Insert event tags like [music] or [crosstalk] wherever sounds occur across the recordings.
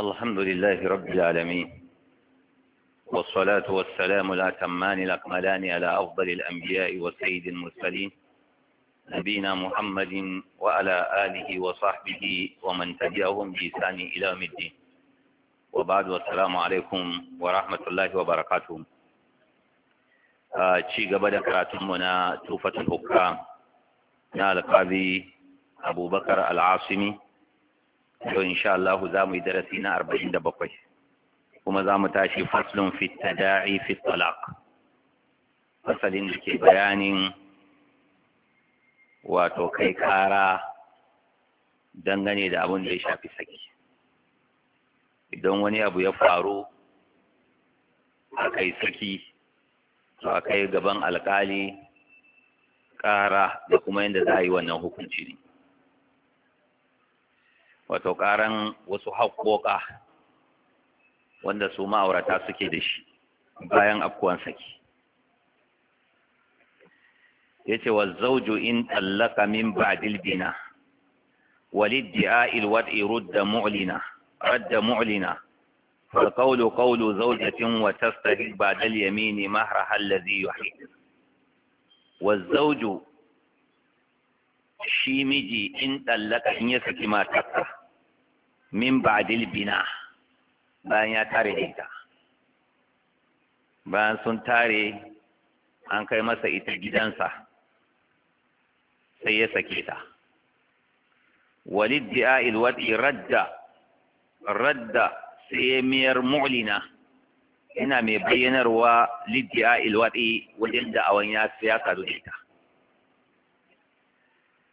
الحمد لله رب العالمين والصلاة والسلام الأتمان الأكملان على أفضل الأنبياء وسيد المرسلين نبينا محمد وعلى آله وصحبه ومن تبعهم بإحسان إلى يوم الدين وبعد والسلام عليكم ورحمة الله وبركاته ci gaba da karatunmu na tufatul hukka na alƙazi abubakar al'asimi to insha Allah za mu yi darasi na arba'in da bakwai kuma za mu tashi faslun fita tada'i fi fasalin da ke bayanin wato kai kara dangane da abin da ya shafi saki idan wani abu ya faru a kai saki to a kai gaban alkali kara da kuma yadda za a yi wannan hukunci ne wato ƙaran wasu haƙoƙa wanda su ma'aurata suke da shi bayan afkuwan saki yace wa zauju in tallaka min ba'dil bina walidda'i alwad'i rudda mu'lina radda mu'lina فالقول قول زوجة وتستهل بعد اليمين مهرها الذي Wa zauju shi miji in ɗallaka in ya saki matarsa من بعد البناء بان يتاري ديتا بان سنتاري ان كيما سيتا جدانسا سيسا كيتا والدعاء الوضع رد رد سيمير معلنة هنا مبين روا للدعاء الوضع والدعاء وانيا سياسا دو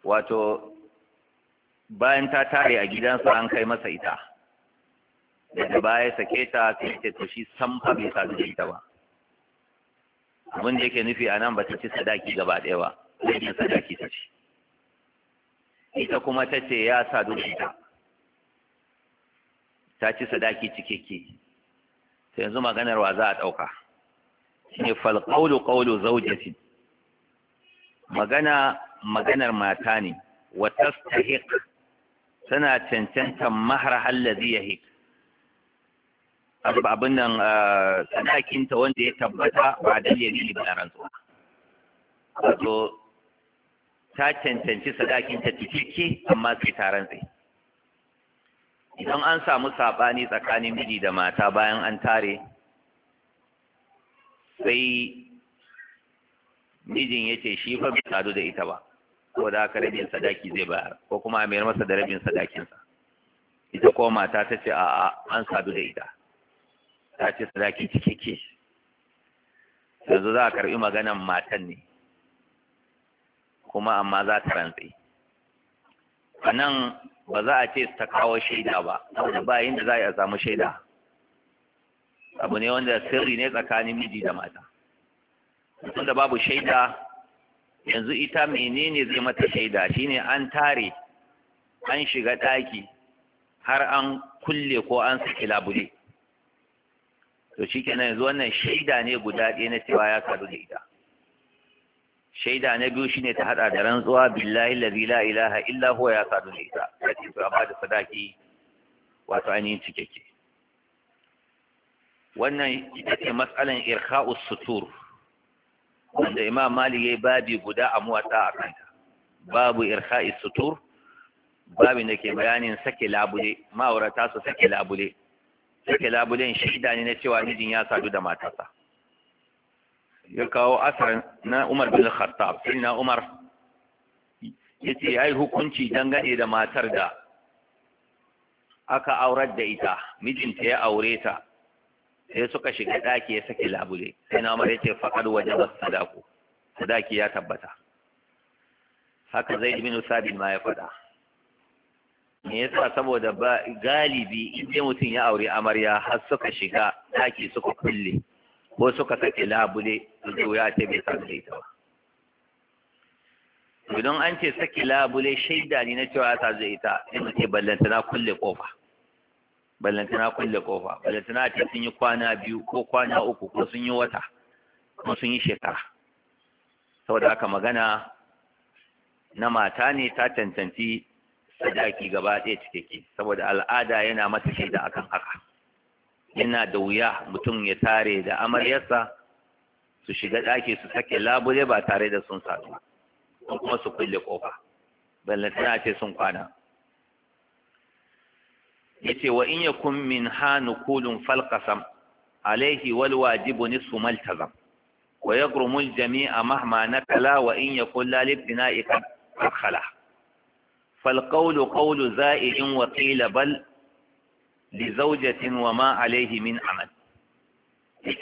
واتو bayan ta tare a gidansa an kai masa ita daga baya sake ta ta to shi san fa bai sadu da ita ba abin da yake nufi a nan ba ta ci sadaki gaba ɗaya ba zai ta sadaki ta ci ita kuma ta ce ya sa da ita ta ci sadaki cikakke Ta yanzu maganar wa za a ɗauka shine fal ƙaulu zaujati magana maganar mata ne wa tastahiq tana cancantan mahar hallazi ya hik abin nan ah, sadakinta wanda ya tabbata ba da ya gini ba rantsuwa wato ta cancanci sadakinta cikakke amma sai ta rantse idan an samu saɓani tsakanin miji da mata bayan an tare sai mijin ya ce shi fa bai sadu da ita ba ko da aka rabin sadaki zai bayar ko kuma a mayar masa da rabin sadakinsa ita ko mata ta ce a an sadu da ita ta ce sadaki cikakke yanzu za a karbi maganan matan ne kuma amma za ta rantse a nan ba za a ce ta kawo shaida ba saboda ba da za a samu shaida abu ne wanda sirri ne tsakanin miji da mata da babu shaida yanzu ita menene zai mata shaida shine an tare an shiga ɗaki har an kulle ko an saki labule to shikenan yanzu wannan shaida ne guda ɗaya na cewa ya sadu da ita shaida na biyu shine ta haɗa da rantsuwa billahi allazi la ilaha illa huwa ya sadu da ita kace ba ba da sadaki wato ainihin cikakke wannan ita ce mas'alan irkha'us sutur wanda imam mali ya yi babi guda a muwatsa a kanta babu irha'i sutur babi da ke bayanin sake labule ma'aurata su sake labule sake labulen shida ne na cewa mijin ya sadu da matarsa ya kawo asar na umar bin khattab sai na umar yace ai hukunci dangane da matar da aka aurar da ita mijinta ya aure ta sai suka shiga ɗaki ya saki labule sai na mara faɗar faqad wajaba sadaku sadaki ya tabbata haka zai bin sabit ma ya faɗa me yasa saboda ba galibi inda mutum ya aure amarya har suka shiga ɗaki suka kulle ko suka saki labule to ya ce bai samu da ita ba idan an ce saki labule shaida ne na cewa ya sazu da ita in ce ballantana kulle kofa ballantana kulle kofa ballantana ce sun yi kwana biyu ko kwana uku ko sun yi wata ko sun yi shekara saboda haka magana na mata ne ta tantanci sadaki gaba ɗaya cikakke saboda al'ada yana mata shaida akan haka yana da wuya mutum ya tare da amaryarsa su shiga ɗaki su sake labule ba tare da sun sadu kuma su kulle kofa ballantana ce sun kwana ce wa in yakun min ha hanukulun falqasam alaihi wal wajibu nisfu maltazam wa yagrumu al jami'a mahma na kala wa in yakun la libtina'i khala فالقول bal زائد وقيل بل لزوجة وما min من عمل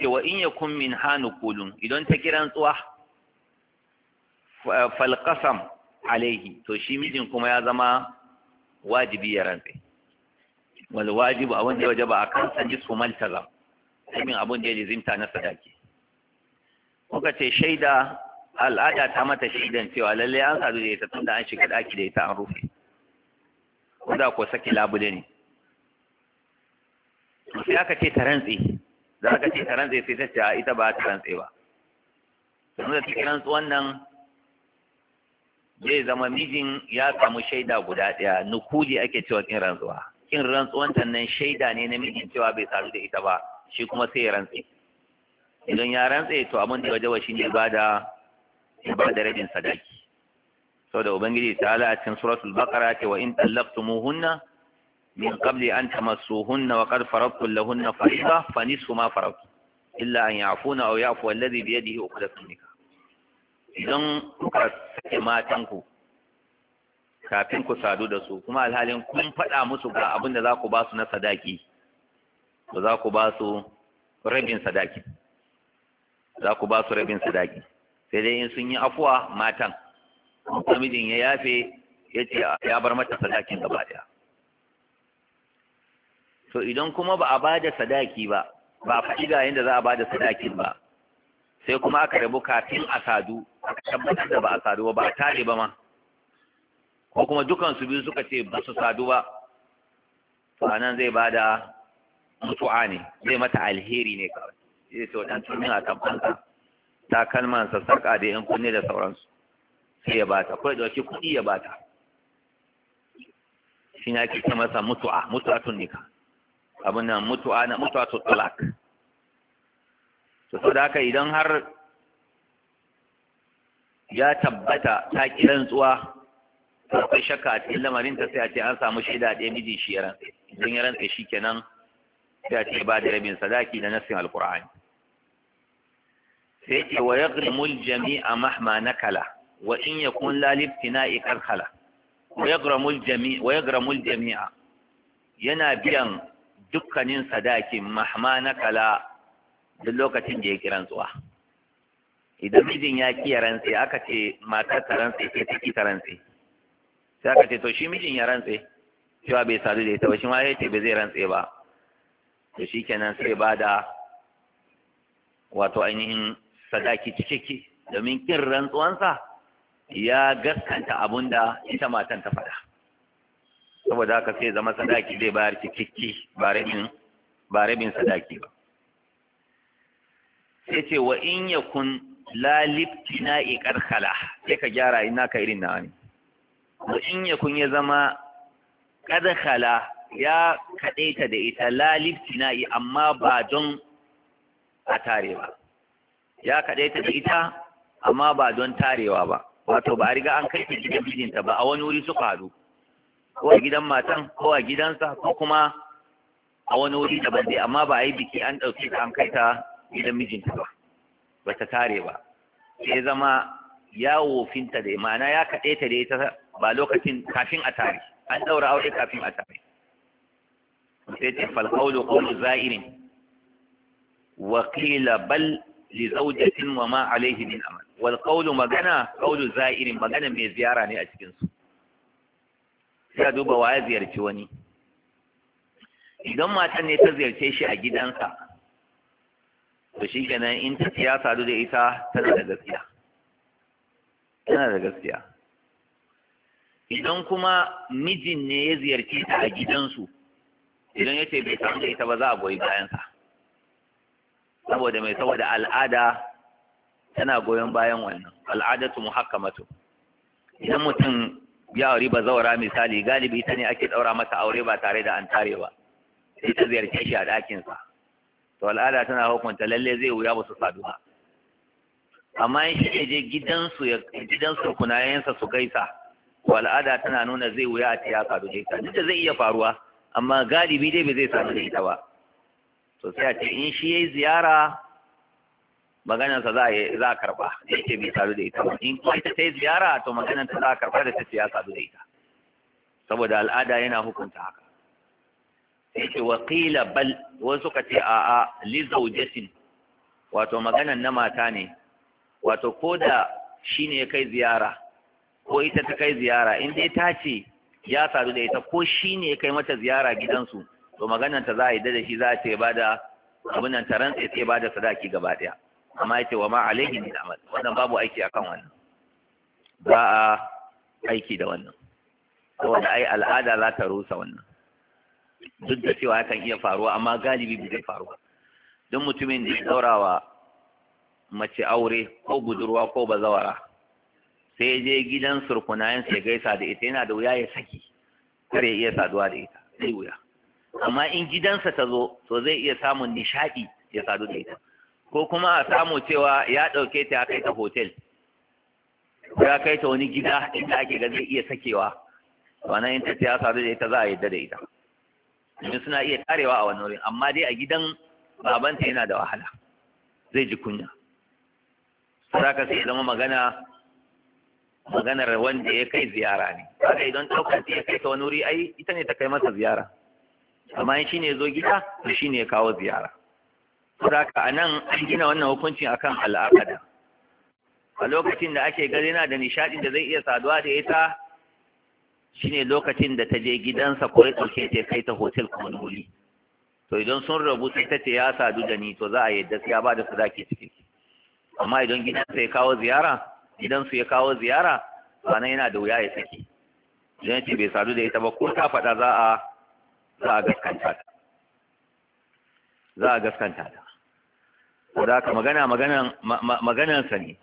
ce wa in yakun min hanu kulun idan ta kiran tsuwa falqasam alaihi to shi mijin kuma ya zama wajibi ya rantse wal ba abin da ya wajaba a kansa nisfu maltaza min abin da ya lizimta na sadaki muka ce shaida al'ada ta mata shaidan cewa lalle an sadu da ita tun da an shiga daki da ita an rufe ko da ko saki labule ne sai aka ce ta rantse za ka ce ta rantse sai ta ce ita ba ta rantse ba tun da take rantsu wannan. zai zama mijin ya samu shaida guda ɗaya nukuli ake cewa kin rantsuwa kin rantsuwanta nan shaida ne na mijin cewa bai sadu da ita ba shi kuma sai ya rantse idan ya rantse to abin da waje shi ne ba da ba da rabin sadaki saboda ubangiji ta ala a cikin suratul baqara ce wa in tallaqtumuhunna min qabli an tamassuhunna wa qad faradtum lahunna fariida fa nisfu ma faradtum illa an ya'funa aw ya'fu alladhi bi yadihi uqdatun nikah idan kuka sake matanku kafin ku sadu da su kuma alhalin kun faɗa musu ga abin da za ku ba su na sadaki to za ku ba su rabin sadaki za ku ba su rabin sadaki sai dai in sun yi afuwa matan namijin ya yafe ya ce ya bar mata sadakin gaba ɗaya to idan kuma ba a ba da sadaki ba ba a faɗi ga yadda za a ba da sadakin ba sai kuma aka rabu kafin a sadu aka tabbatar da ba a sadu ba ba a tare ba ma ko kuma dukan su biyu suka ce ba su sadu ba to anan zai bada mutu'a ne zai mata alheri ne kawai zai ce wadan tunin a ta takalman sa sarka da yan kunne da sauransu sai ya bata ko da dauki kuɗi ya bata shi ne ake ce masa mutu'a ne ka. abin nan mutu'a na mutu'atu talak to da haka idan har ya tabbata ta kiran tsuwa to akwai shakka a cikin lamarin ta sai a ce an samu shaida ɗaya miji shi ya rantse idan ya rantse shi kenan sai a ce ba da rabin sadaki da nassin alqur'ani sai ke wa yaghrimu aljami'a mahma nakala wa in yakun la libtina'i karkhala wa yaghrimu aljami'a wa yaghrimu aljami'a yana biyan dukkanin sadakin mahma nakala duk lokacin da ya kiran tsuwa idan mijin ya kiya rantse aka ce matar ta sai ta ki ta rantse sai aka ce to shi mijin ya rantse cewa bai sadu da ita ba shi ma ya ce bai zai rantse ba to shi kenan sai ba da wato ainihin sadaki cikakke domin kin rantsuwansa ya gaskanta abun da ita matan ta faɗa saboda haka sai zama sadaki zai bayar cikakke ba rabin sadaki ba sai ce wa in yakun la libtina'i qarkhala sai ka gyara ina ka irin na wani Mu in yakun ya zama kala ya kaɗaita da ita lalibtina'i amma ba don a tare ba ya kaɗaita da ita amma ba don tarewa ba wato ba a riga an kai ta gidan mijinta ba a wani wuri suka haɗu ko a gidan matan ko a gidansa ko kuma a wani wuri daban dai amma ba a yi biki an ɗauki ta an kai ta gidan mijinta ba ba ta tare ba sai zama ya wofinta da ma'ana ya kaɗe ta da ita ba lokacin kafin a tare an daura aure kafin a tare sai ce fal qawlu za'irin wa qila bal li zawjatin wa ma alayhi min amal wal qawlu magana qawlu za'irin magana mai ziyara ne a cikin su ya duba wa ya ziyarci wani idan matan ne ta ziyarce shi a gidansa to shi kenan in ta ya sadu da ita tana da gaskiya tana da gaskiya idan kuma mijin ne ya ziyarce ta a gidansu idan ya ce bai samu da ita ba za a goyi bayansa saboda mai saboda al'ada tana goyon bayan wannan al'adatu muhakkamatu idan mutum ya aure ba zaura misali galibi ita ne ake daura mata aure ba tare da an tare ba sai ta ziyarce shi a ɗakinsa to al'ada tana hukunta lalle zai wuya ba su sadu ba amma in shi je gidansu gidansu kunayensa su gaisa wal'ada al'ada tana nuna zai wuya a tiya faru da ita duk da zai iya faruwa amma galibi dai ba zai samu da ita ba to sai a ce in shi yayi ziyara maganarsa za a za a karba da yake bai sadu da ita ba in kuma ita ta yi ziyara to maganarta za a karba da ta ce ya sadu da ita saboda al'ada yana hukunta haka sai ce wakila bal wasu ka ce a a lizaujatin wato maganar na mata ne wato ko da shi ne ya kai ziyara ko ita ta kai ziyara in dai ta ce ya sadu da ita ko shi ne ya kai mata ziyara gidansu to maganar ta za a yi da shi za a ce ba da abin nan taron sai sai ba da sadaki gaba daya amma ya ce wa ma alaihi min amal wannan babu aiki akan wannan ba a aiki da wannan saboda ai al'ada za ta rusa wannan duk da cewa hakan iya faruwa amma galibi bai zai faruwa don mutumin da ya daura wa mace aure ko budurwa ko bazawara sai je gidan surkunayen sai gaisa da ita yana da wuya ya saki kar ya iya saduwa da ita zai wuya amma in gidansa ta zo to zai iya samun nishaɗi ya sadu da ita ko kuma a samu cewa ya ɗauke ta ya kai ta hotel ya kai ta wani gida inda ake ga zai iya sakewa wannan in ta ya sadu da ita za a yadda da ita domin suna iya karewa a wani wurin amma dai a gidan babanta yana da wahala zai ji kunya saka sai zama magana maganar wanda ya kai ziyara ne kaga idan ɗaukar ya kai ta wani wuri ai ita ne ta kai masa ziyara amma in ne zo gida to ne ya kawo ziyara saboda a nan an gina wannan hukuncin akan al'ada a lokacin da ake gari na da nishaɗi da zai iya saduwa da ita shine lokacin da ta je gidansa ko ya ɗauke ta kai ta hotel kuma wuri to idan sun rabu sai ta ce ya sadu da ni to za a yadda ya ba da sadaki cikin amma idan gidansa ya kawo ziyara idan su ya kawo ziyara sannan yana da wuya ya saki idan ce bai sadu da ita ba ko ta faɗa za a za a gaskanta ta za a gaskanta ta ko da ka magana maganan maganan sa ne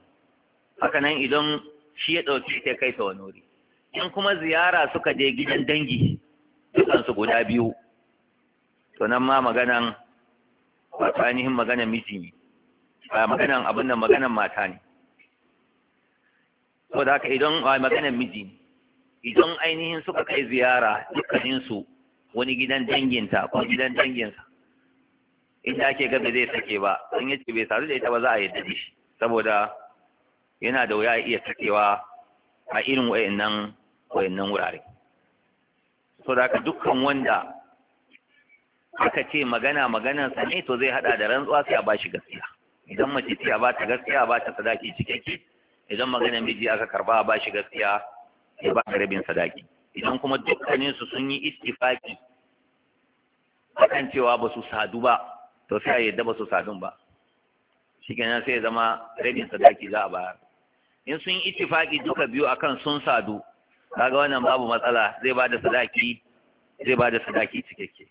haka nan idan shi ya ɗauki ta kai ta wani wuri in kuma ziyara suka je gidan dangi dukansu guda biyu to nan ma maganan ba ainihin maganan miji ne ba maganan abin nan maganan mata ne saboda haka idan a maganar miji idan ainihin suka kai ziyara dukkaninsu wani gidan danginta ko gidan danginsa inda ake ga zai sake ba in yace bai sadu da ita ba za a yadda shi saboda yana da wuya iya sakewa a irin wayannan wayannan wurare so da haka dukkan wanda aka ce magana maganan sa ne to zai hada da rantsuwa sai a bashi gaskiya idan mace ce a bata gaskiya a bata sadaki cikakke idan maganar miji aka karba ba shi gaskiya ya ba rabin sadaki idan kuma dukkanin su sun yi istifaki akan cewa ba su sadu ba to sai ya yadda ba su sadun ba shikenan sai ya zama rabin sadaki za a bayar in sun yi ittifaki duka biyu akan sun sadu kaga wannan babu matsala zai ba da sadaki zai ba da sadaki cikakke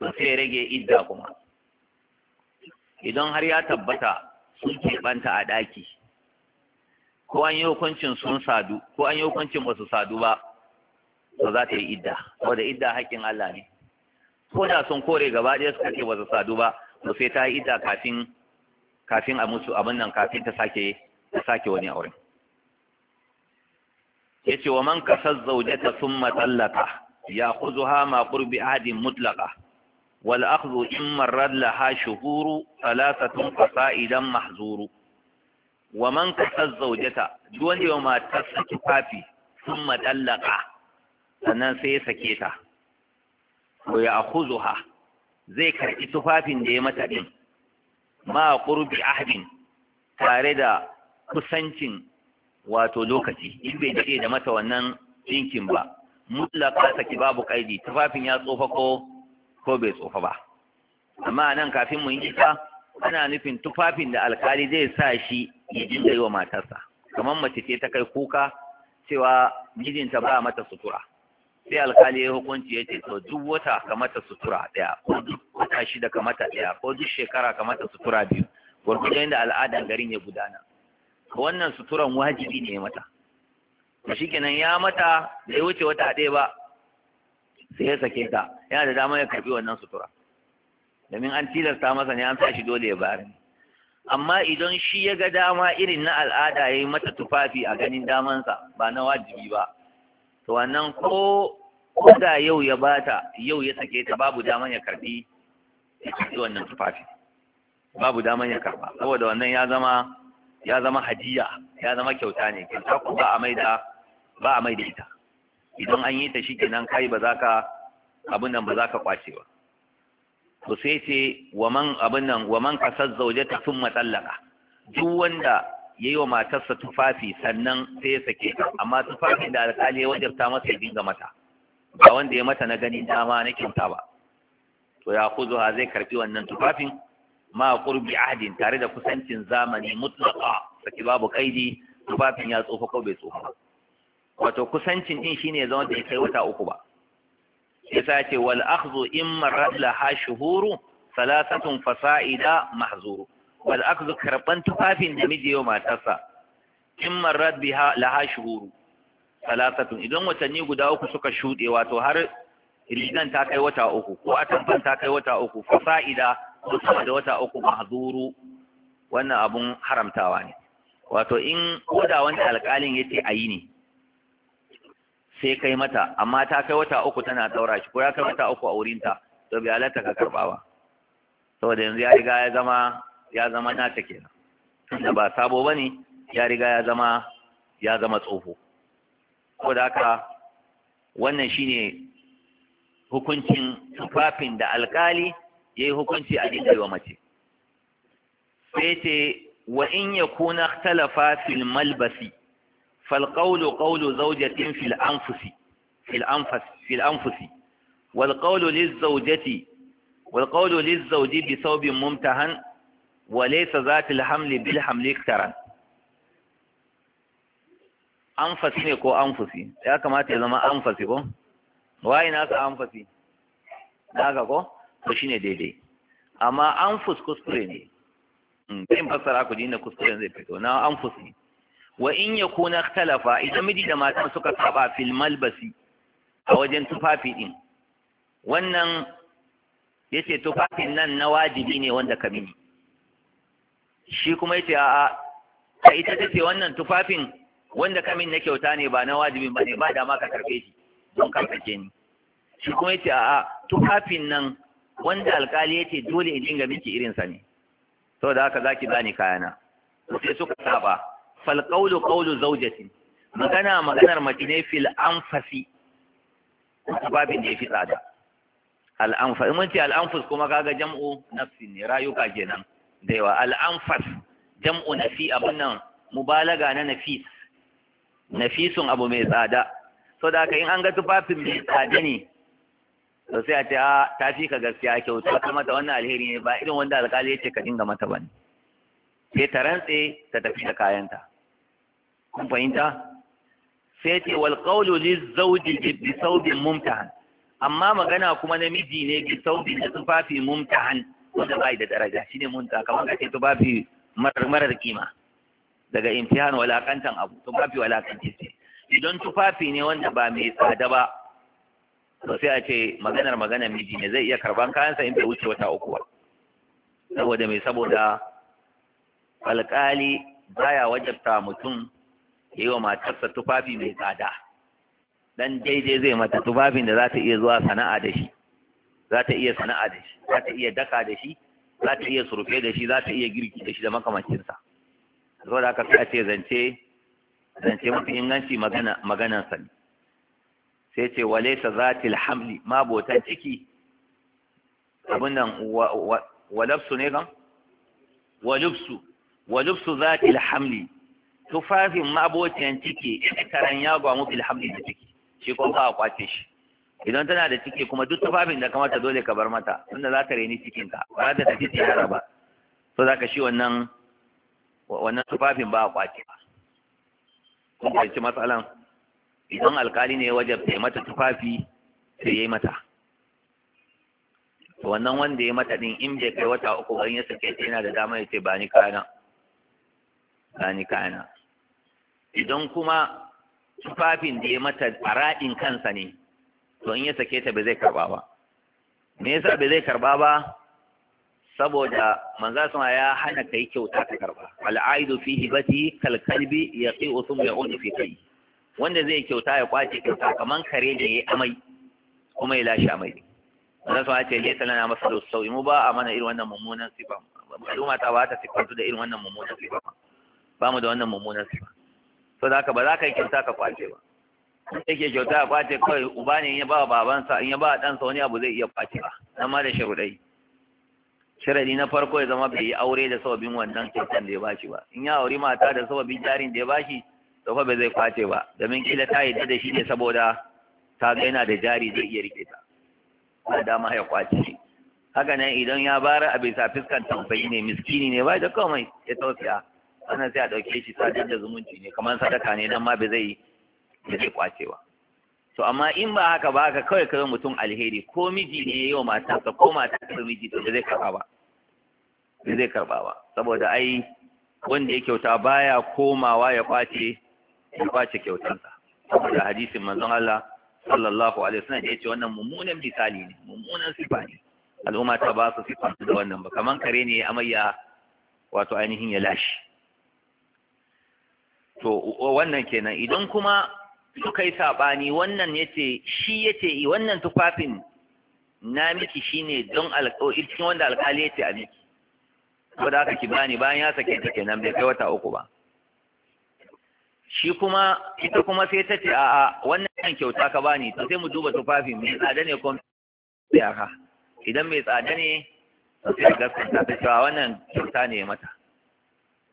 to sai rage idda kuma idan har ya tabbata sun keɓanta a ɗaki ko an yi hukuncin sun sadu ko an yi hukuncin ba su sadu ba to za ta yi idda da idda haƙƙin Allah ne ko da sun kore gaba ɗaya suka ce ba su sadu ba to sai ta yi idda kafin kafin a musu abin nan kafin ta sake ta sake wani auren yace wa man kasar zawjata thumma tallaqa ya'khudha ma qurbi ahadin mutlaqa wal akhdhu imma radlaha shuhuru thalathatun idan mahzuru wa man kasar zaujata duk wanda ya matarsa tufafi sun matallaka sannan sai ya sake ta ko ya akhuzuha zai karɓi tufafin da ya mata ɗin ma qurbi ahdin tare da kusancin wato lokaci in bai daɗe da mata wannan ɗinkin ba mutlaka saki babu kaidi tufafin ya tsofa ko ko bai tsofa ba amma nan kafin mu yi ta ana nufin tufafin da alkali zai sa shi ya dinga yi wa matarsa kamar mace ce ta kai kuka cewa mijinta ba mata sutura sai alkali ya hukunci ya ce to duk wata ka sutura ɗaya ko duk wata shida ka ɗaya ko duk shekara ka sutura biyu gwargwadon da al'adan garin ya gudana wannan suturan wajibi ne mata to shikenan ya mata bai wuce wata ɗaya ba sai ya sake ta yana da dama ya karbi wannan sutura domin an tilasta masa ne an sa shi dole ya bayar amma idan shi ya ga dama irin na al'ada ya yi mata tufafi a ganin damansa ba na wajibi ba to wannan ko ko da yau ya bata yau ya sake ta babu daman ya karbi wannan tufafi babu daman ya karba saboda wannan ya zama ya zama hadiya ya zama kyauta ne kyauta ko ba a maida ba a maida ita idan an yi ta shi kenan kai ba za ka abin nan ba za ka kwace ba to sai ce wa man abin nan wa man kasar zaujata sun matsallaka duk wanda ya yi wa matarsa tufafi sannan sai ya sake amma tufafin da alƙali ya wajarta masa ya dinga mata ba wanda ya mata na gani dama na kyauta ba to ya kuzo zuwa zai karbi wannan tufafin ma qurbi ahdin tare da kusancin zamani mutlaqa saki babu kaidi tufafin ya tsofa ko bai tsofa wato kusancin din shine zama da ya kai wata uku ba yasa ce wal akhdhu imma radlaha shuhuru salasatun fasa'ida mahzuru wal akhdhu karban tufafin da miji yau matarsa imma radbiha laha shuhuru salasatun idan watanni guda uku suka shuɗe wato har rigan ta kai wata uku ko atamfan ta kai wata uku fasa'ida ko sama da wata uku mahzuru wannan abun haramtawa ne wato in koda wanda alƙalin yace ayi ne sai kai mata amma ta kai wata uku tana daura shi ko ya kai wata uku a wurinta to bai halatta ka karba ba saboda yanzu ya riga ya zama ya zama nata kenan tunda ba sabo bane ya riga ya zama ya zama tsoho saboda haka wannan shine hukuncin tufafin da alkali ya yi hukunci a dinga wa mace sai ce wa in yakuna ikhtalafa fil malbasi فالقول قول زوجة في الأنفس في الأنفس في الأنفس والقول للزوجة والقول للزوج بثوب ممتهن وليس ذات الحمل بالحمل اكترا أنفس كو أنفس يا كما تزما أنفس كو واي ناس أنفس ناكا كو وشيني دي دي أما أنفس كسكريني تيم بسر أكو جينا كسكريني زي بيكو ناو أنفس أنفس wa in ya kuna talafa idan miji da matan suka saba fil malbasi a wajen tufafi din wannan yace tufafin nan na wajibi ne wanda ka mini shi kuma yace a'a ka ita tace wannan tufafin wanda ka na kyauta ne ba na wajibi ba ne ba ma ka karfe shi don karface ni shi kuma yace a'a tufafin nan wanda alkali yace dole in dinga miki irin sa ne saboda haka zaki bani kayana sai suka saba fal qawlu qawlu zawjatin magana maganar mace ne fil anfasi babin da ya fi tsada al'anfas in ce al'anfas kuma kaga jam'u nafsi ne rayuka kenan da yawa al'anfas jam'u nafi abun nan mubalaga na nafis nafisun abu mai tsada so da haka in an ga tufafin mai tsada ne to sai a ce a ah, ta fi ka gaskiya kyauta ta mata wannan alheri ne ba irin wanda alkali ya ce ka dinga mata ba ne. sai ta rantse ta tafi da kayanta kun fahimta sai ce wal qawlu zawji bi thawbin mumtahan amma magana kuma namiji ne bi thawbin da tufafi mumtahan wanda bai da daraja shine munta kamar kace tufafi marar marar kima daga imtihan walakantan abu tufafi walakantan ce idan tufafi ne wanda ba mai tsada ba to sai a ce maganar maganar miji ne zai iya karban kayansa in bai wuce wata uku ba saboda mai saboda alƙali baya wajabta mutum yi wa matarsa tufafi mai tsada dan daidai zai mata tufafin da za ta iya zuwa sana'a da shi za ta iya sana'a da shi za ta iya daka da shi za ta iya surfe da shi za ta iya girki da shi da makamancinsa saboda haka sai a ce zance zance mafi inganci magana maganan ne sai ce walaysa zatil hamli ma botan ciki abin nan walabsu ne kam walubsu walubsu zatil hamli tufafin ma'abocin ciki karan ya gwamu fil hamdi da ciki shi ko ka kwace shi idan tana da ciki kuma duk tufafin da kamata dole ka bar mata tunda za ta reni cikin ka ba da ta ciki tiyara ba so zaka shi wannan wannan tufafin ba a kwace ba kun fahimci matsalan idan alkali ne ya wajabta ya mata tufafi sai ya yi mata wannan wanda ya mata din in bai kai wata uku garin ya sake ta yana da dama ya ce ba ni kayana ba ni kayana idan kuma tufafin da ya mata raɗin kansa ne to in ya sake ta ba zai karba ba me yasa ba zai karba ba saboda manzo sama ya hana kai kyauta ta karba Al'adu, fi hibati kal kalbi yaqi'u thumma ya'udu fi kai wanda zai kyauta ya kwace kyauta kaman kare ne yayi amai kuma ya lashe amai manzo sama ya ce laysa lana masalu sawi mu ba a mana irin wannan mummunan sifa al'umma ta ba ta sifantu da irin wannan mummunan sifa ba mu da wannan mummunan sifa so da haka ba za ka yi kyauta ka kwace ba yake kyauta ya kwace kawai uba ne in ya ba wa babansa in ya ba ɗansa wani abu zai iya kwace ba ma da sharuɗai sharadi na farko ya zama bai yi aure da sababin wannan kyautan da ya bashi ba in ya auri mata da sababin jarin da ya bashi to fa bai zai kwace ba domin kila ta yi da shi ne saboda ta ga yana da jari zai iya rike ta ba dama ya kwace shi haka nan idan ya bara a bisa fiskan tamfayi ne miskini ne ba da komai ya tausaya ana sai a ɗauke shi sadar da zumunci ne kamar sadaka ne dan ma ba zai da zai kwace to amma in ba haka ba haka kawai kawai mutum alheri ko miji ne yau matarsa ko matarsa miji to ba zai karɓa ba ba zai karɓa ba saboda ai wanda ya kyauta baya komawa ya kwace ya kwace kyautansa saboda hadisin manzon Allah sallallahu alaihi wasallam ya ce wannan mummunan misali ne mummunan sifa ne al'umma ta ba su sifa da wannan ba kaman kare ne amayya wato ainihin ya lashi to wannan kenan idan kuma suka yi saɓani wannan ya ce shi ya ce wannan tufafin na miki shi ne don cikin wanda alkali ya ce a miki ko da aka ki bani bayan ya sake ta kenan bai kai wata uku ba shi kuma ita kuma sai ta ce a'a wannan kyauta ka bani to sai mu duba tufafin mai tsada ne kuma sai aka idan mai tsada ne sai a gaskata ta cewa wannan kyauta ne mata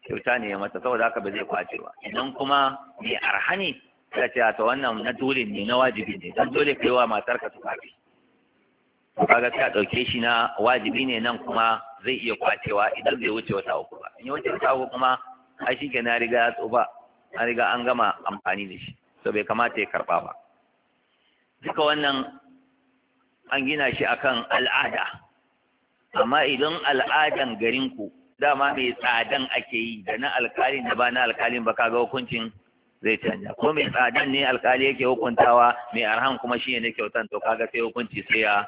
kyauta ne ya masa saboda haka ba zai kwace ba idan kuma mai arhani ta ce ta wannan na dole ne na wajibi ne dan dole kai wa matar ka tufafi kaga ta dauke shi na wajibi ne nan kuma zai iya kwacewa idan bai wuce wata uku ba in ya wuce wata uku kuma ai shi ke na riga ya tsufa an riga an gama amfani da shi to bai kamata ya karba ba duka wannan an gina shi akan al'ada amma idan al'adan garin ku. dama mai tsadan ake yi da na alkalin da ba na alkalin ba kaga hukuncin zai canja ko mai tsadan ne alkali yake hukuntawa mai arhan kuma shi ne kyautan to kaga sai hukunci sai ya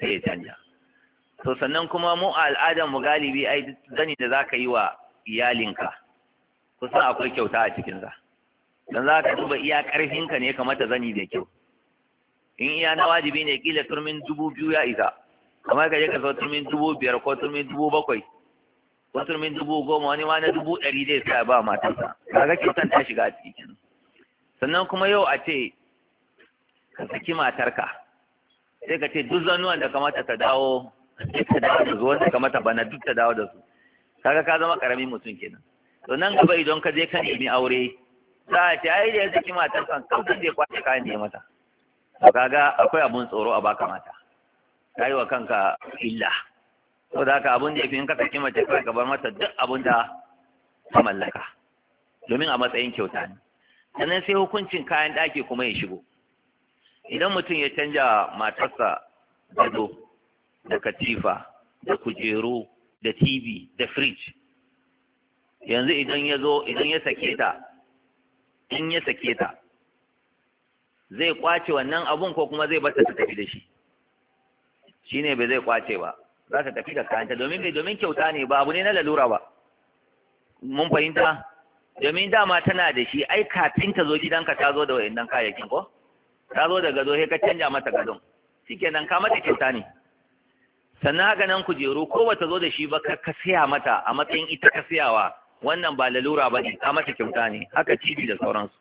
sai ya canja to sannan kuma mu a al'adar mu galibi ai zani da zaka yi wa iyalinka kusan akwai kyauta a cikin sa dan zaka ka duba iya karfinka ne kamata zani da kyau in iya na wajibi ne kila turmin dubu biyu ya isa kamar ka je ka so turmin dubu biyar ko turmin dubu bakwai wasu min dubu goma wani ma na dubu ɗari zai sa ba matarsa ke kyautan ta shiga a ciki sannan kuma yau a ce ka saki matarka sai ka ce duk zanuwan da kamata ta dawo ta dawo da su wanda kamata bana duk ta dawo da su ga ka zama karamin mutum kenan to nan gaba idan ka je ka nemi aure za a ce ai da ya saki matarsa kawai zai kwace kayan da ya mata to ga akwai abun tsoro a baka mata ka yi wa kanka illa to da ka abin da yafi in ka saki mace kai ka bar mata duk abun da ka mallaka domin a matsayin kyauta ne sannan sai hukuncin kayan daki kuma ya shigo idan mutum ya canja matarsa do da katifa da kujeru da tv da fridge yanzu idan ya zo idan ya sake ta in ya sake ta zai kwace wannan abun ko kuma zai bata ta tafi da shi shine bai zai kwace ba za ta tafi da kayanta domin bai domin kyauta ne ba abu ne na lalura ba mun fahimta domin dama tana da shi ai kafin ta zo gidanka ta zo da wayannan kayayyakin ko ta zo da gado sai ka canja mata gadon shikenan ka mata kyauta ne sannan haka nan kujeru ko bata zo da shi ba ka siya mata a matsayin ita ka siyawa wannan ba lalura ba ne ka mata kyauta ne haka cibi da sauransu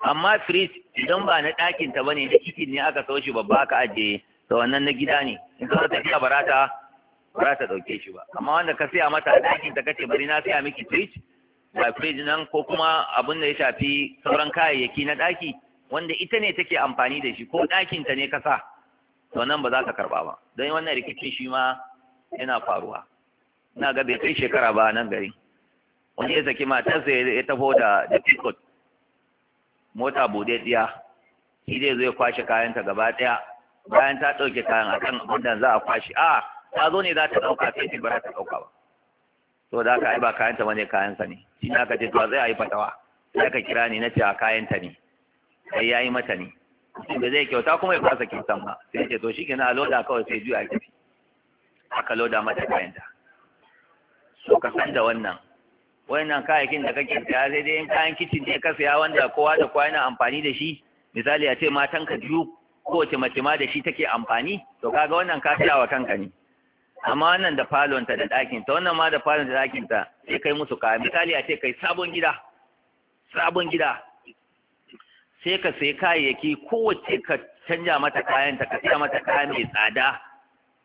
amma fris idan ba na ɗakin ta bane na kitchen ne aka sau shi babba aka ajiye to wannan na gida ne in ka tafiya barata ba ta ɗauke shi ba amma wanda ka siya mata a ɗakin ta kace bari na siya miki fridge ba fridge nan ko kuma abin da ya shafi sauran kayayyaki na ɗaki wanda ita ne take amfani da shi ko ɗakin ta ne ka sa to nan ba za ka karɓa ba don wannan rikicin shi ma yana faruwa ina ga bai kai shekara ba nan gari wani ya saki matarsa ya tafo da da picot mota bude ɗiya. shi zai zo ya kwashe kayanta gaba ɗaya bayan ta ɗauke kayan akan abin da za a kwashe a ah, ta zo ne za ta ɗauka sai ce ba za ta ɗauka ba to da aka ai ba kayanta ne kayansa ne shi na ka ce to zai a yi fatawa sai aka kira ni na ce a kayanta ne sai ya yi mata ne ba zai kyauta kuma ya fasa kyautan ba sai ce to shi ke na loda kawai sai juya ya tafi aka loda mata kayanta so ka san da wannan wannan kayayyakin da kake saya sai dai in kayan kicin ne ka saya wanda kowa da kowa yana amfani da shi misali a ce matanka ka biyu kowace mace ma da shi take amfani to kaga wannan ka saya wa kanka ne amma wannan da falonta da ɗakinta wannan ma da falonta da ɗakinta sai kai musu kaya misali a ce kai sabon gida sabon gida sai ka sai kayayyaki kowace ka canja mata kayanta ka siya mata kaya mai tsada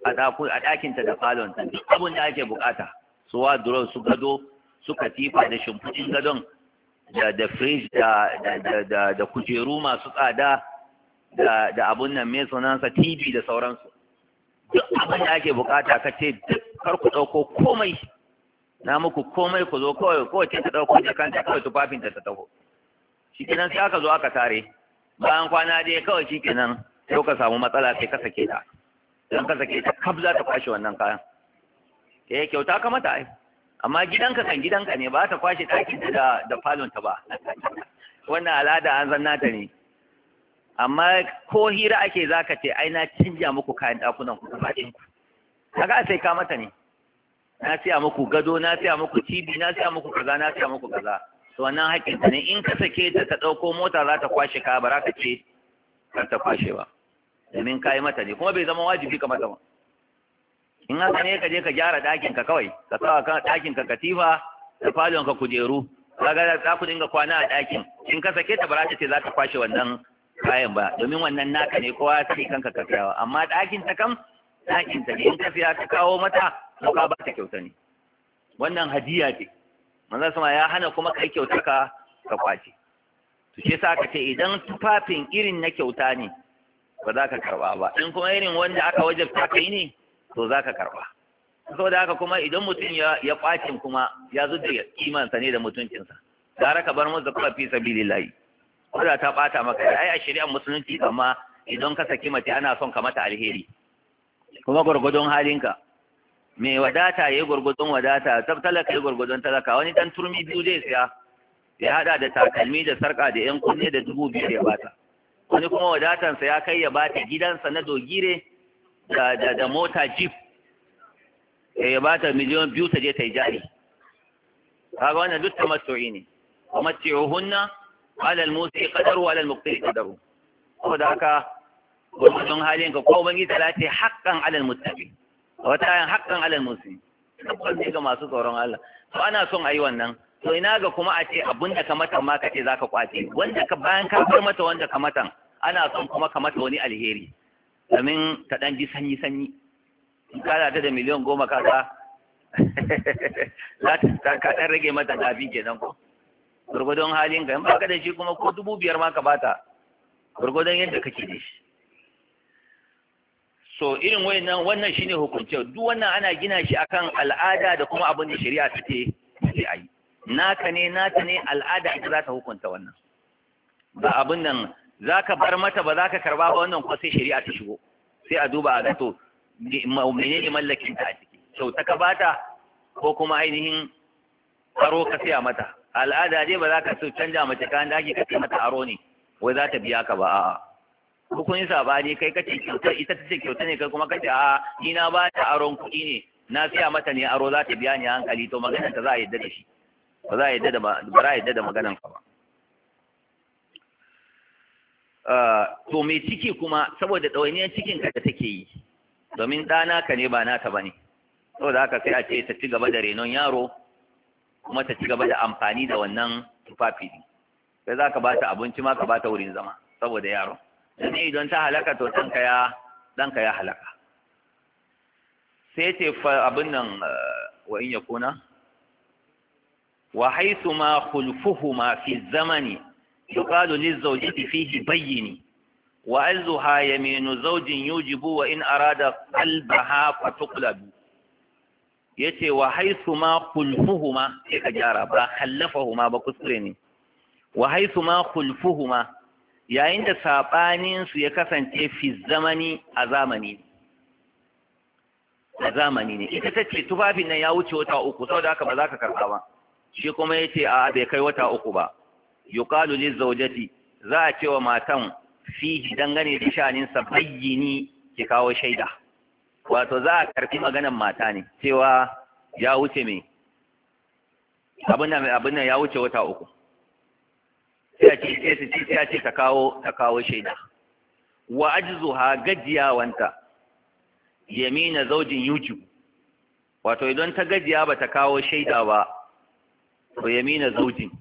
a ɗakinta da falonta duk abin da ake bukata su wardrobe su gado su katifa da shimfiɗin gadon da da fridge da da da kujeru masu tsada da da abun nan mai sunansa TV da sauransu duk abin da ake bukata ka ce duk kar ku ɗauko komai na muku komai ku zo kawai kowace ta ɗauko da kanta kawai tufafinta ta taho shi kenan sai aka zo aka tare bayan kwana dai kawai shi kenan sai ka samu matsala sai ka sake ta don ka sake ta kaf za ta kwashe wannan kayan eh kyauta ka mata ai amma gidanka kan gidanka ne ba ta kwashe ɗakin da da falon ta ba [laughs] wannan al'ada an zanna ta ne amma ko hira ake zaka ce ai na canja muku kayan dakunan ku gaba ɗin ku kaga sai ka mata ne na siya muku gado na siya muku cibi, na siya muku kaza na siya muku kaza to wannan haƙƙin ta ne in ka sake ta ta ɗauko mota za ta kwashe ka ba za ka ce kar ta kwashe ba domin ka yi mata ne kuma bai zama wajibi ka mata ba in haka ne ka je ka gyara ɗakin ka kawai ka sa ka ɗakin ka katifa da falon ka kujeru kaga za ku dinga kwana a ɗakin in ka sake ta ba za ta ce za ta kwashe wannan kayan ba domin wannan naka ne kowa sai kanka ka siyawa amma ɗakin ta kam ɗakin ta ne in ka siya ka kawo mata to ka ba ta kyauta ne wannan hadiya ce manzo sama ya hana kuma kai kyauta ka ka kwace to shi yasa ka ce idan tufafin irin na kyauta ne ba za ka karba ba in kuma irin wanda aka wajabta kai ne to za ka karba saboda haka kuma idan mutum ya ya kwacin kuma ya zo da kimansa ne da mutuncinsa gara ka bar masa kuma fi sabilillahi koda ta bata maka ai a shari'ar musulunci amma idan ka saki mace ana son ka mata alheri kuma gurgudun halinka mai wadata ya gurgudun wadata sab talaka ya gurgudun talaka wani dan turmi biyu zai siya ya hada da takalmi da sarka da yan kunne da dubu biyu ya bata wani kuma wadatansa ya kai ya bata gidansa na dogire da da, da mota jeep eh, ya bata miliyan biyu ta je ta yi jari kaga wannan duk tamattu'i ne tamattu'uhunna على musi qadaru alal muqtiri qadaru وذاك haka gurgurdun halin ka ko حقا ta المتقي haqqan حقا على wata ayan haqqan alal musi الله ne ga masu tsoron to wannan to ina ga kuma a ce abin da ka ma ka ce zaka kwace wanda ka bayan ka bar mata wanda ka ana son kuma ka mata wani alheri domin ta dan ji sanyi sanyi Ka ta da miliyan goma kasa za ka dan rage mata dafi kenan ko gurgudun halin ka in baka da shi kuma ko dubu biyar ma ka bata gurgudun yadda kake da shi so irin wannan wannan shine hukunci duk wannan ana gina shi akan al'ada da kuma abin da shari'a ta ce sai ayi naka ne nata ne al'ada ita za ta hukunta wannan ba abin nan za ka bar mata ba za ka karba ba wannan kuma sai shari'a ta shigo sai a duba a ga to menene mallakin ta a ciki ta ka bata ko kuma ainihin karo ka siya mata al'ada dai ba za ka so canja mace kayan daki ka ce mata aro ne wai za ta biya ka ba a'a hukunin sabani kai kace kyauta ita ta ce kyauta ne kai kuma kace a'a ni na ba ta aron kuɗi ne na siya mata ne aro za ta biya ni hankali to maganar ta za a yadda da shi ba za a yadda da ba za a yadda da maganar ka ba ah, to me ciki kuma saboda ɗawainiyar cikin ka da take yi domin ɗana ka ne ba nata ba ne saboda haka sai a ce ta ci gaba da renon yaro kuma ta ci gaba da amfani da wannan tufafi din sai za ka ba ta abinci ma ka ba ta wurin zama saboda yaro dan idan ta halaka to ɗanka ya ɗanka ya halaka sai ce abin nan eh, wa in yakuna wa haythu ma ma fi zamani yuqalu lizawjati fihi bayyini wa alzuha yaminu zawjin yujibu wa in arada qalbaha fatuqlabu yace wa haisu ma ma sai ka gyara ba ma ba kuskure ne wa haisu ma ma yayin da saɓaninsu ya kasance fi zamani a zamani a zamani ne ita ce tufafin nan ya wuce wata uku da da ba za ka karɓa ba shi kuma ya ce a bai kai wata uku ba yuqalu lizawjati za a ce wa matan fihi dangane da shanin sa bayyini ki kawo shaida wato za a karfi maganan mata ne cewa ya wuce me abin nan ya wuce wata uku sai a ce ta kawo ta kawo shaida wa gajiya wanta. yamina zaujin yuju wato idan ta gajiya ba ta kawo shaida ba to yamina zaujin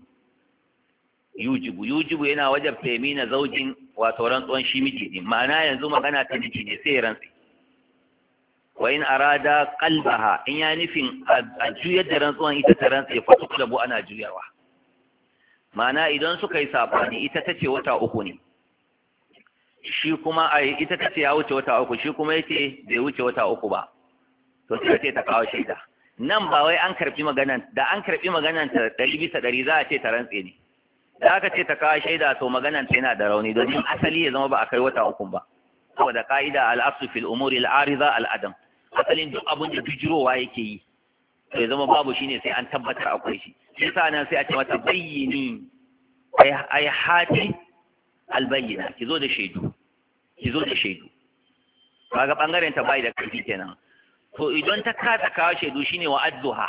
yujibu yujibu yana wajabta yamina zaujin wato rantsuwan shi miji ne ma'ana yanzu magana ta miji ne sai rantsi wa in arada qalbaha in ya nufin a juyar da rantsuwan ita ta rantsa fa tuklabu ana juyarwa. Mana idan suka yi sabani ita tace wata uku ne shi kuma a ita tace ya wuce wata uku shi kuma yace bai wuce wata uku ba to sai ce ta kawo shaida nan ba wai an karbi maganan da an karbi maganan ta dari bisa dari za a ce ta rantse ne da aka ce ta kawo shaida to maganan ta yana da rauni domin asali ya zama ba a kai wata uku ba saboda ka'ida al-asl fil umuri al-ariza al-adam asalin duk abin da bijirowa yake yi to ya zama babu shine sai an tabbatar akwai shi shi yasa nan sai a ce mata bayyini ai hati albayyana, ki zo da shaidu ki zo da shaidu kaga bangaren ta bai da karfi kenan to idan ta kasa kawo shaidu shine wa adduha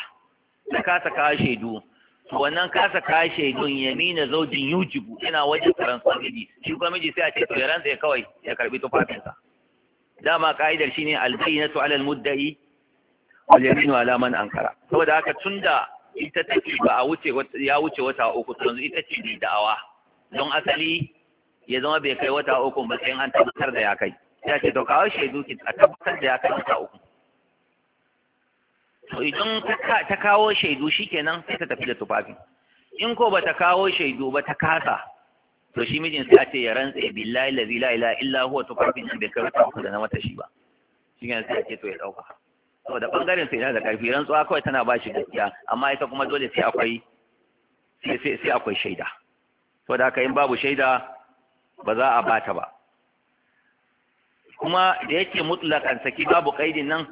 ta kasa kawo shaidu to wannan kasa kawo shaidun yamina zaujin yujibu ina wajen karan shi kuma miji sai a ce to ya rantsa kawai ya karbi tufafinsa dama ka'idar shi ne albayyinatu ala almudda'i wal yaminu ala man ankara saboda haka tunda ita take ba a wuce ya wuce wata uku to yanzu ita ce mai da'awa don asali ya zama bai kai wata uku ba sai an tabbatar da ya kai ya ce to kawo shaidu ki a tabbatar da ya kai wata uku to idan ta kawo shaidu shikenan sai ta tafi da tufafi. in ko ba ta kawo shaidu ba ta kasa to shi mijin sai a ce ya rantse billahi la ilaha illa huwa to kafin shi bai karanta ku da na mata shi ba shi ne sai a ce to ya dauka saboda bangaren sai yana da karfi rantsuwa kawai tana ba shi gaskiya amma ita kuma dole sai akwai sai sai akwai shaida saboda haka in babu shaida ba za a bata ba kuma da yake mutlaqan saki babu kaidin nan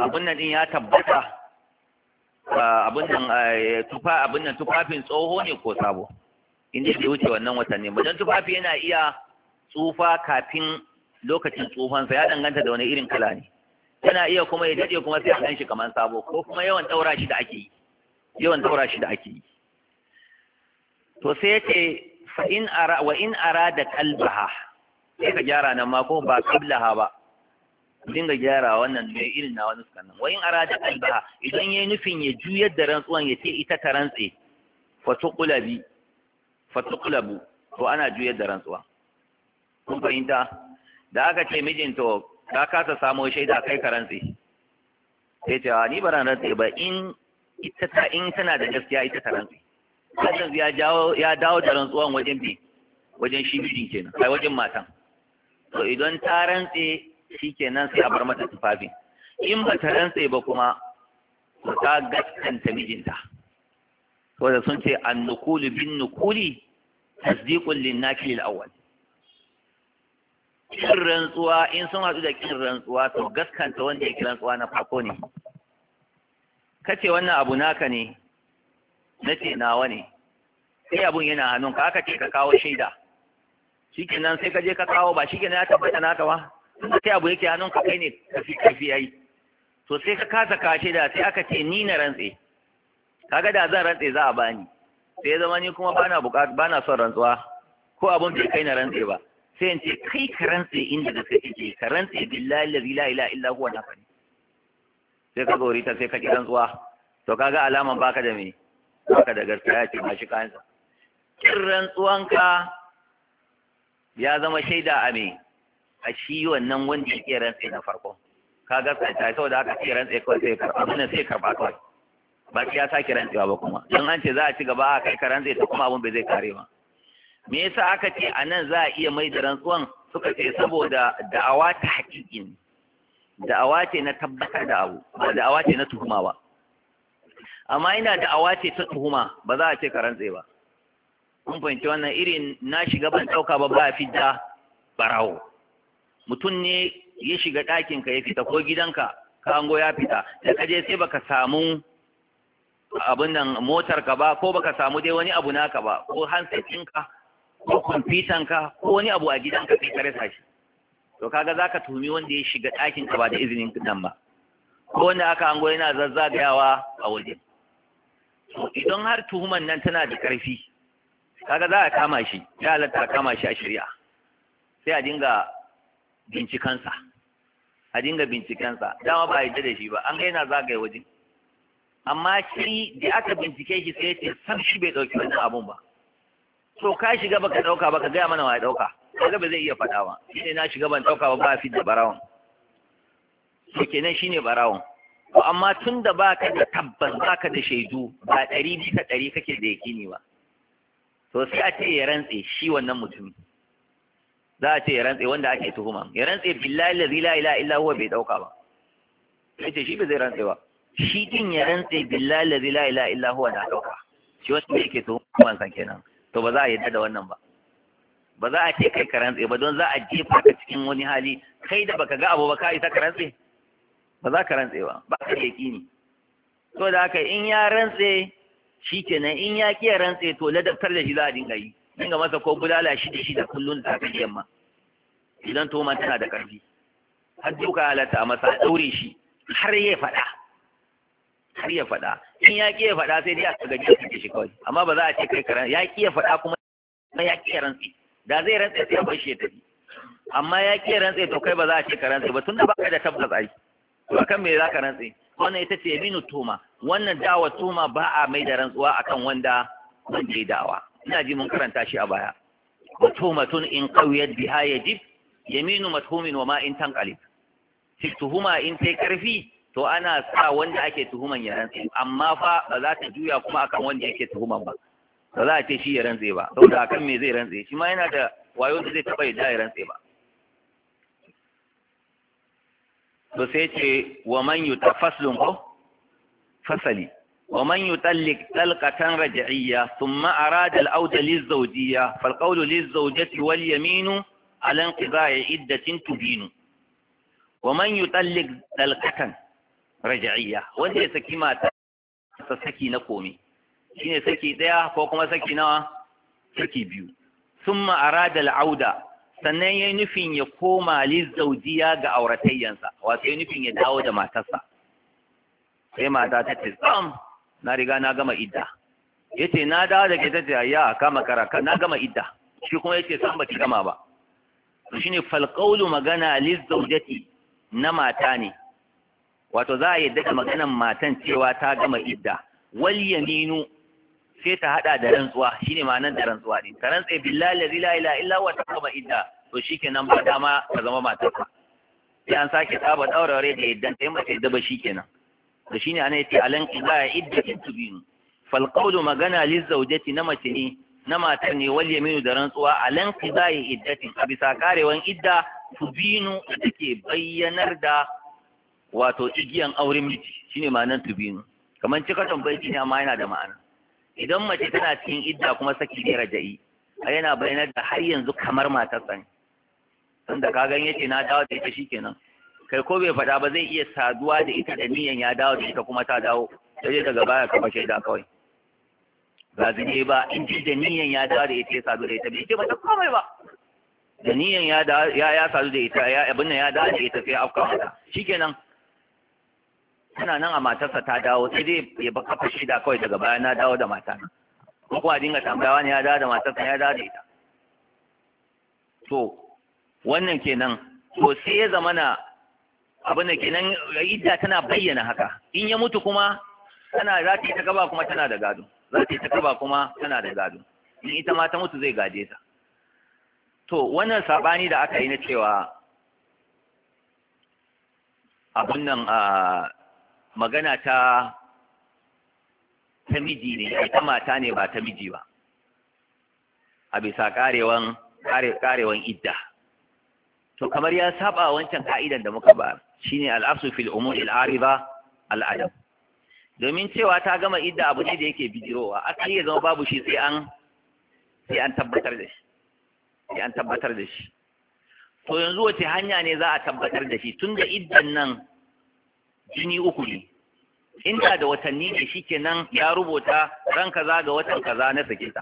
abun nan din ya tabbata abun nan eh, tufa abun nan tufafin tsoho ne ko sabo in ji wuce wannan watanni ba don tufafi yana iya tsufa kafin lokacin tsufansa ya danganta da wani irin kala ne yana iya kuma ya daɗe kuma sai a ɗan shi kamar sabo ko kuma yawan ɗaura shi da ake yi yawan ɗaura shi da ake yi to sai ya ce fa in ara wa in ara da kalbaha sai ka gyara nan ma ko ba kablaha ba dinga gyara wannan mai irin na wani sukan nan wa in ara da kalbaha idan yayi nufin ya juyar da rantsuwan ya ce ita ta rantse fa tuqlabi fatuqlabu to ana juyar da rantsuwa kun fahimta da aka ce mijin to ka kasa samo shaida kai ka sai ta ni ba ran rantsi ba in ita ta in tana da gaskiya ita ta rantsi hakan ya jawo ya dawo da rantsuwan wajen bi wajen shi mijin kenan kai wajen matan to idan ta rantsi shikenan sai a bar mata tufafi. in ba ta rantsi ba kuma ta gaskanta mijinta wanda sun ce an nukulu bin nukuli tasdiqun lin nakil awwal kin rantsuwa in sun hadu da kin rantsuwa to gaskanta wanda ya rantsuwa na farko ne kace wannan abu naka ne nace nawa ne sai abun yana hannun ka aka ce ka kawo shaida shikenan sai ka je ka kawo ba shikenan ya tabbata naka ba sai abu yake hannun ka kai ne kafi kafi yayi to sai ka kasa kashe da sai aka ce ni na rantse kaga da zan rantse za a bani sai zama ni kuma bana bukata bana son rantsuwa ko abun bai kai na rantse ba sai in ce kai ka rantse inda da kake ka rantse billahi la ilaha illa huwa na fari sai ka gori ta sai ka ki rantsuwa to kaga alaman baka da me baka da gaskiya ce ma shi kayansa kin ka ya zama shaida a me a shi wannan wanda ya rantse na farko ka gaskata saboda haka kiran sai kawai sai karɓa wannan sai karɓa kawai ba sai ya sake rantsewa ba kuma don an ce za a ci gaba a kai karan zai ta kuma abin bai zai kare ba me yasa aka ce a nan za a iya mai da rantsuwan suka ce saboda da'awa ta ne da'awa ce na tabbatar da abu ba da'awa ce na tuhuma ba amma ina da'awa ce ta tuhuma ba za a ce ka rantse ba kun fahimci wannan irin na shiga ban ɗauka ba ba fidda barawo mutum ne ya shiga ɗakin ka ya fita ko gidanka ka ango ya fita da kaje sai baka samu abin nan motar ka ba ko baka samu dai wani abu naka ba ko handset ɗinka ko computer ka ko wani abu a gidanka sai ka rasa shi to kaga zaka tuhumi wanda ya shiga ɗakin ka ba da izinin nan ba ko wanda aka hango yana zazzagayawa a waje to idan har tuhuman nan tana da ƙarfi kaga za a kama shi ya halatta a kama shi a shari'a sai a dinga bincikansa a dinga bincikansa dama ba a yadda da shi ba an ga yana zagaye wajen amma shi da aka bincike shi sai ce sam shi bai ɗauki wannan abun ba to ka shiga baka ɗauka ba ka gaya mana wa ya ɗauka kaga ba zai iya faɗa ba shine na shiga ban ɗauka ba ba fi da barawon to kenan shine barawon to amma tun da baka da tabbas baka da shaidu ba ɗari bisa ɗari kake da yakini ba to sai a ce ya rantse shi wannan mutum za a ce ya rantse wanda ake tuhuma ya rantse billahi la ilaha illa huwa bai ɗauka ba sai ce shi ba zai rantse ba shi din ya rantse billahi la ilaha illa huwa da dauka shi wasu ne yake to man san kenan to ba za a yarda da wannan ba ba za a ce kai ka rantse ba don za a jefa ka cikin wani hali kai da baka ga abu ba ka isa ka rantse ba za ka rantse ba ba ka yakini to da haka in ya rantse shi kenan in ya kiyar rantse to ladabtar da shi za a dinga yi dinga masa ko bulala shi da shi da kullun da ta yamma idan to tana da ƙarfi har duka halatta masa a ɗaure shi har ya faɗa har ya faɗa in ya ƙi ya faɗa sai dai a ga a cikin shi kawai amma ba za a ce kai karan ya ƙi ya faɗa kuma ya ƙi ya rantsi da zai rantsi sai ya bar ya tafi amma ya ƙi ya rantsi to kai ba za a ce karan ba tunda ba ka da tabbas ai to akan me za ka rantsi wannan ita ce minu tuma wannan dawa tuma ba a mai da rantsuwa akan wanda zan je dawa ina ji mun karanta shi a baya wa tumatun in qawiyat biha yajib yaminu mathumin wa ma in tanqalib tuhuma in sai karfi to ana sa wanda ake tuhuman ya rantse amma fa ba za ta juya kuma akan wanda yake tuhuman ba ba za a ce shi ya rantse ba saboda akan me zai rantse shi ma yana da wayo da zai taba ya ya rantse ba to sai ce wa man yutafaslun ko fasali wa man yutallik talqatan raj'iyya thumma arada al-awda liz-zawjiyya fal-qawlu liz-zawjati wal-yaminu ala inqida'i iddatin tubinu wa man yutallik talqatan raja'iyya wanda ya saki mata sa saki na komi shine saki daya ko kuma saki nawa saki biyu summa arada al'auda sannan yayin nufin ya koma lizaujiya ga auratayyansa wato yayin nufin ya dawo da matarsa sai mata ta ce tsam na riga na gama idda yace na dawo da ke ta ce ya kama karaka na gama idda shi kuma yace san baki gama ba shine falqawlu magana lizaujati na mata ne wato za a yi daga maganan matan cewa ta gama idda wal yaminu sai ta hada da rantsuwa shine ma'anar da rantsuwa din ta rantsa billahi la ilaha illa wa ta gama idda to shikenan ba dama ta zama matarka sai an sake tsaba daurare da yadda sai mace yadda ba shikenan to shine ana yace alan qida idda tubin fal qawlu magana liz zawjati na mace ne na matar ne wal yaminu da rantsuwa alan qida'i iddatin a bisa karewan idda tubinu da take bayyanar da wato igiyan auren miji shine ma'anar biyu. kamar cika tambayi ne amma yana da ma'ana idan mace tana cikin idda kuma saki ne raja'i a yana bayanar da har yanzu kamar matarsa ne tunda ka gan yace na dawo da ita shikenan kai ko bai faɗa ba zai iya saduwa da ita da niyan ya dawo da ita kuma ta dawo sai daga baya kafa da kawai ba zai ba in ji da niyan ya dawo da ita ya sadu da ita bai ce mata komai ba da niyan ya ya sadu da ita ya abin nan ya dawo da ita sai afka mata shikenan tana nan a matarsa ta dawo sai dai ya ba kafa shida kawai daga baya na dawo da mata ko kuma dinga tambayawa ne ya dawo da matarsa ya dawo da ita to wannan kenan to sai ya zamana abin da kenan idda tana bayyana haka in ya mutu kuma tana za ta yi ta gaba kuma tana da gado za ta yi ta gaba kuma tana da gado in ita ma ta mutu zai gaje ta to wannan sabani da aka yi na cewa abun nan a ah, magana ta ta miji ne ta mata ne ba ta miji ba a bisa karewan karewan idda to kamar ya saba wancan ka'idan da muka ba shine al'asu fil umur al'ariba al'adab domin cewa ta gama idda abu ne da yake bijirowa asali ya zama babu shi sai an sai an tabbatar da shi sai an tabbatar da shi to yanzu wace hanya ne za a tabbatar da shi tun da iddan nan jini uku ne inda da watanni ne nan. ya rubuta ran kaza ga watan kaza na sake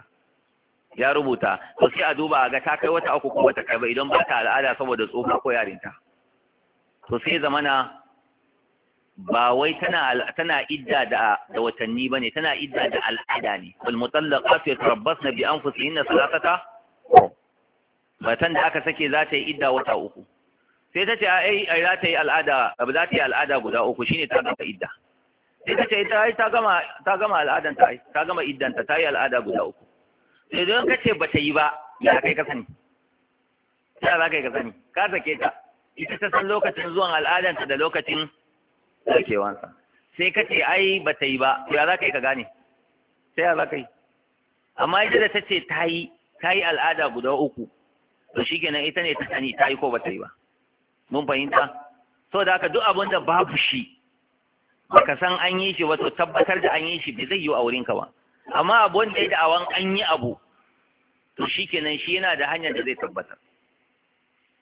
ya rubuta to sai a duba a ga ta kai wata uku ko wata kai ba idan ba ta al'ada saboda tsofa ko yarinta to sai zamana ba wai tana tana idda da da watanni bane tana idda da al'ada ne wal mutallaqat yatarabbasna bi anfusihinna salatata batan da aka sake za ta yi idda wata uku sai ta ce ai ai za ta yi al'ada ba za ta yi al'ada guda uku shine ta gama idda sai ta ce ai ta gama ta gama al'adan ta ta gama iddan ta ta yi al'ada guda uku sai don ka ce ba ta yi ba ya kai ka sani ya za ka yi ka sani ka sake ta ita ta san lokacin zuwan al'adan ta da lokacin sakewansa sai ka ce ai ba ta yi ba ya za ka yi ka gane sai ya za ka yi amma ita da ta ce ta yi ta yi al'ada guda uku to shikenan ita ne ta sani ta yi ko ba ta yi ba mun fahimta so da haka duk abin da babu shi baka san an yi shi wato tabbatar da an yi shi bai zai yi a wurin ka ba amma abin da da awan an yi abu to shikenan shi yana da hanyar da zai tabbatar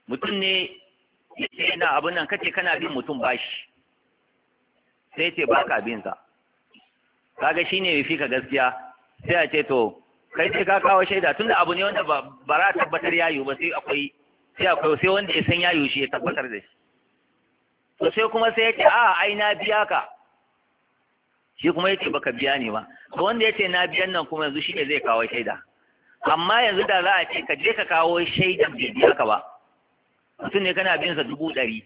mutum ne ce yana abin nan kace kana bin mutum bashi sai ce baka bin sa kaga shi ne fi ka gaskiya sai a ce to kai sai ka kawo shaida tunda abu ne wanda ba ba tabbatar ya yiwu ba sai akwai sai akwai sai wanda ya san ya yaushe ya tabbatar da shi to sai kuma sai ya ce a ai na biya ka shi kuma yace baka biya ni ba to wanda yace na biyan nan kuma yanzu shi ne zai kawo shaida amma yanzu da za a ce ka je ka kawo shaidan bai biya ka ba mutum ne kana bin sa dubu ɗari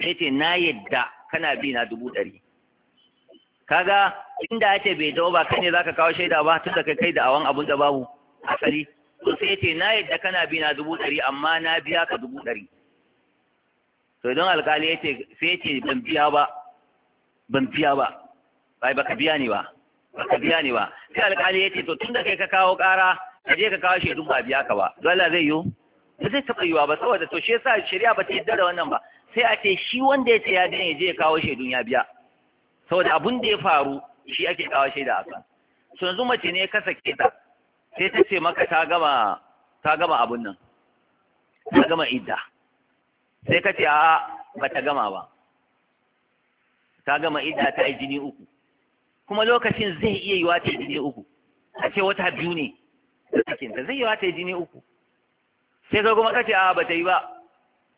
sai ce na yadda kana bi na dubu ɗari kaga inda ya ce bai dawo ba kai ne za ka kawo shaida ba tun da kai kai da awan abun da babu asali to sai ce na yadda kana bi na dubu ɗari amma na biya ka dubu ɗari to idan alkali ya ce sai ce ban biya ba ban biya ba ai baka biya ni ba baka biya ni ba sai alkali ya ce to tunda kai ka kawo ƙara ka je ka kawo shaidun ba biya ka ba dole zai yiwu ba zai taɓa yiwa ba saboda to shi yasa shari'a ba ta yarda da wannan ba sai a ce shi wanda ya ce ya biya ya je ya kawo shaidun ya biya saboda abun da ya faru shi ake kawo shaida a kan sun zuma ce ne ka sake ta sai ta ce maka ta gama ta gama abun nan ta gama idda sai ka ce a ba ta gama ba ta gama idda ta yi jini uku kuma lokacin zai iya yiwa ta jini uku a ce wata biyu ne da ta zai yiwa ta jini uku sai ka kuma kace a ba ta yi ba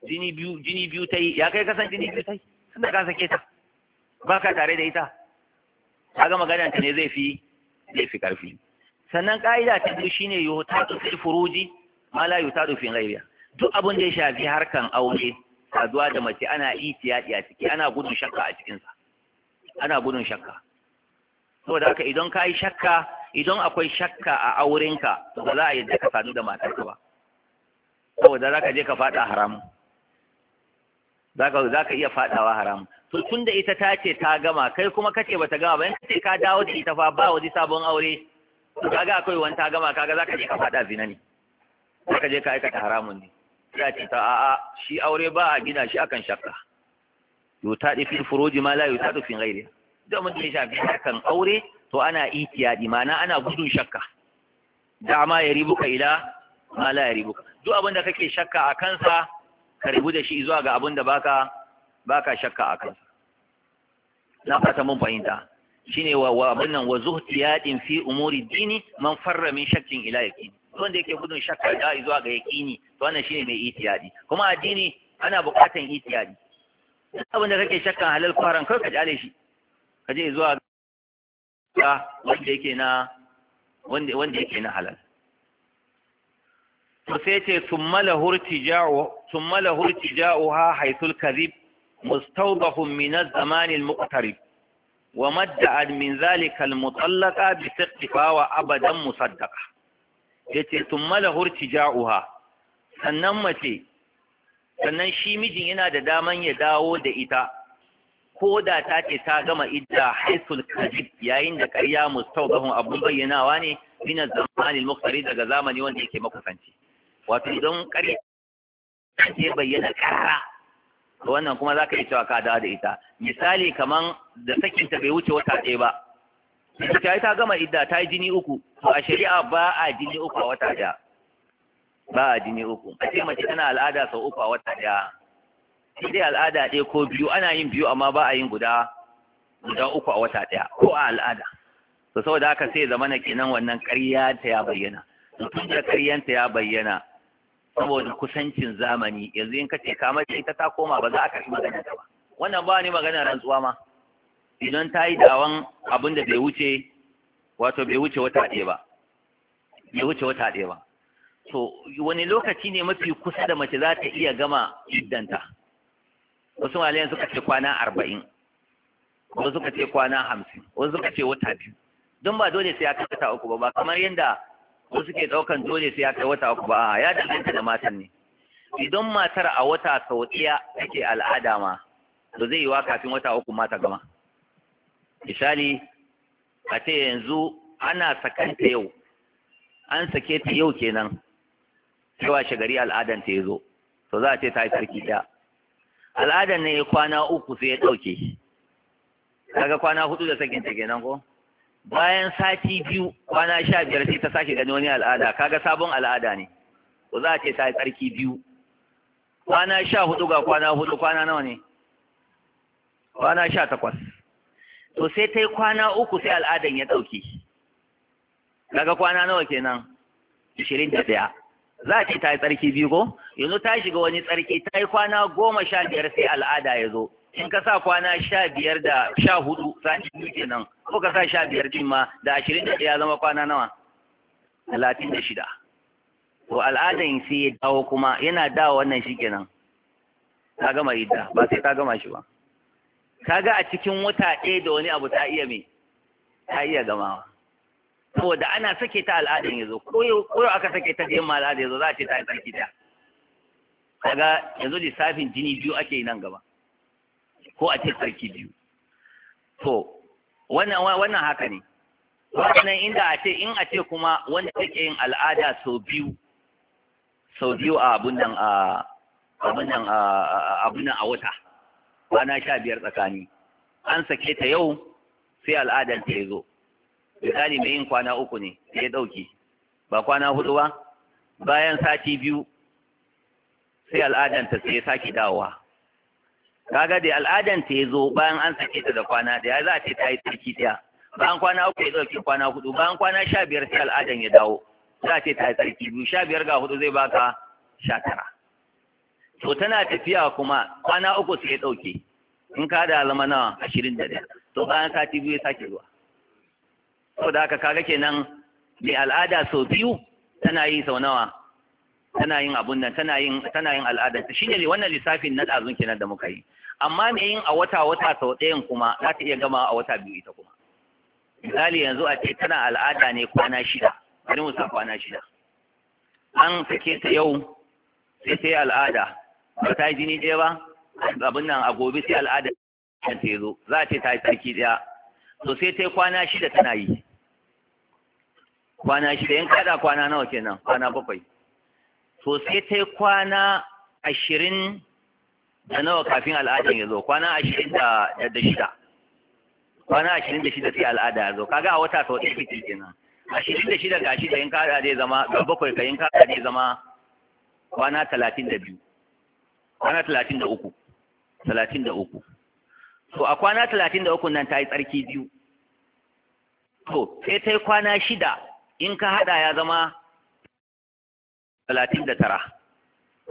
jini biyu jini biyu ta yi ya kai kasan jini biyu ta yi tunda ka sake ta ba ka tare da ita ka ga maganar ta ne zai fi zai fi karfi sannan ka'ida ta biyu shine yutadu fil furuji ma la yutadu fi ghayriha duk abin da ya shafi harkan aure saduwa da mace ana itiyadi a ciki ana gudun shakka a cikin sa ana gudun shakka saboda haka idan kai shakka idan akwai shakka a aurenka to ba za a yadda ka sadu da matarka ba saboda za je ka fada haram iya fadawa haram to tunda ita ta ce ta gama kai kuma kace bata gama ba in kace ka dawo da ita fa ba waje sabon aure to kaga akwai wani ta gama kaga zaka je ka fada zina ne zaka je ka aikata haramun ne ya ce ta a'a shi aure ba a gina shi akan shakka da fi furoji ma la da fi gairi da mun ya shafi akan aure to ana itiyadi mana ana gudun shakka dama ya ribuka ila ma la ya ribuka duk abin da kake shakka a kansa ka ribu da shi zuwa ga abin da baka baka shakka a kansa na fata mun fahimta shine wa wa wannan wa zuhtiyadin fi umuri dini man farra min shakkin ila yaqini wanda yake gudun shakka da zuwa ga yaqini to wannan shine mai itiyadi kuma addini ana buƙatan itiyadi duk abin da kake shakkan halal faran kai ka jale shi ka je zuwa ga wanda yake na wanda wanda yake na halal to sai ce thumma lahu irtija'u thumma lahu irtija'uha haythu al-kadhib mustawdahu min az-zaman al-muqtarib wa madda min zalika mutallaqa bi wa abadan musaddaqa yace thumma lahu irtija'uha sannan mace sannan shi mijin yana da daman ya dawo da ita ko da ta ce ta gama idda haisul kadib yayin da ƙarya mustawbahun abun bayyanawa ne min zamani al-muqtari daga zamani wanda yake makusanci wato idan ƙarya ta bayyana karara to wannan kuma zaka iya cewa ka dawo da ita misali kaman da sakin ta bai wuce wata ɗaya ba ta ta gama idda ta yi jini uku to a shari'a ba a jini uku a wata ɗaya ba a jini uku a ce mace tana al'ada sau uku a wata ɗaya sai dai al'ada ɗaya ko biyu ana yin biyu amma ba a yin guda guda uku a wata ɗaya ko a al'ada to saboda haka sai zamana kenan wannan ƙarya ta ya bayyana mutum da ƙaryanta ya bayyana saboda kusancin zamani yanzu in kace ka mace ita ta koma ba za a karɓi magana ta ba wannan ba ni magana rantsuwa ma idan ta yi dawan abin da bai wuce wato bai wuce wata ɗaya ba bai wuce wata ɗaya ba to wani lokaci ne mafi kusa da mace za ta iya gama iddanta wasu malayan suka ce kwana arba'in wasu suka ce kwana hamsin wasu suka ce wata biyu don ba dole sai ya kasa ta uku ba ba kamar yadda ko suke ɗaukan dole sai ya kai wata uku ba ya danganta da matan ne idan matar a wata sau ɗaya take al'ada ma to zai yi wa kafin wata uku mata gama misali a ce yanzu ana sakanta yau an sake ta yau kenan cewa shagari al'adan ta ya zo to za a ce ta yi sarki ɗaya al'adan ne ya kwana uku sai ya ɗauke kaga kwana hudu da sakin ta kenan ko bayan sati biyu kwana sha biyar sai ta sake gani wani al'ada kaga sabon al'ada ne ko za a ce ta yi tsarki biyu kwana sha hudu ga kwana hudu kwana nawa ne kwana sha takwas to sai ta yi kwana uku sai al'adan ya ɗauke daga kwana nawa kenan ishirin da ɗaya za a ce ta yi tsarki biyu ko yanzu ta shiga wani tsarki ta yi kwana goma sha biyar sai al'ada ya zo in ka sa kwana sha biyar da sha hudu sani biyu nan ko ka sa sha biyar din ma da ashirin da ɗaya zama kwana nawa talatin da shida to al'adan sai ya dawo kuma yana dawo wannan shi kenan ka gama idda ba sai ka gama shi ba Ta ga a cikin wata ɗaya da wani abu ta iya me ta iya gamawa saboda ana sake ta al'adan yazo ko aka sake ta da yamma al'ada yazo za a ce ta yi tsarki ta kaga yanzu lissafin jini biyu ake yi nan gaba ko a ce sarki biyu to wannan haka ne wannan inda a ce in a ce kuma wanda take yin al'ada sau biyu sau biyu a abin a wata, ba a wata kwana sha biyar tsakani an sake ta yau sai al'adar ta ya zo misali mai yin kwana uku ne ya ɗauki ba kwana hudu ba bayan sati biyu sai al'adar ta sai ya sake dawowa kaga dai al'adan ta zo bayan an sake ta da kwana da ya za a ce ta yi tsarki daya bayan kwana uku ya dauke kwana hudu bayan kwana sha biyar sai al'adan ya dawo za a ce ta yi tsarki biyu sha biyar ga hudu zai baka sha tara to tana tafiya kuma kwana uku sai ya ɗauke in ka da zama nawa ashirin da daya to bayan sati biyu ya sake zuwa saboda haka kaga kenan mai al'ada sau biyu tana yi sau nawa tana yin abun nan tana yin tana yin al'adar ta shine ne wannan lissafin na dazun kenan da muka yi amma me yin a wata wata sau ɗayan kuma za ta iya gama a wata biyu ita kuma misali yanzu a ce tana al'ada ne kwana shida bari mu sa kwana shida an sake ta yau sai ta yi al'ada ba ta yi jini ɗaya ba abin nan a gobe sai al'ada ta zo za ta ta yi sarki ɗaya to sai ta yi kwana shida tana yi kwana shida in kada kwana nawa kenan kwana bakwai to sai ta kwana ashirin da nawa kafin al'adar ya zo kwana ashirin da shida kwana ashirin da shida sai al'ada ya zo kaga a wata sau ɗaya fiti kenan ashirin da shida gashi da in kada zai zama ga bakwai ka in kada zai zama kwana talatin da biyu kwana talatin da uku talatin da uku to a kwana talatin da uku nan ta yi tsarki biyu to sai ta kwana shida in ka haɗa ya zama talatin da tara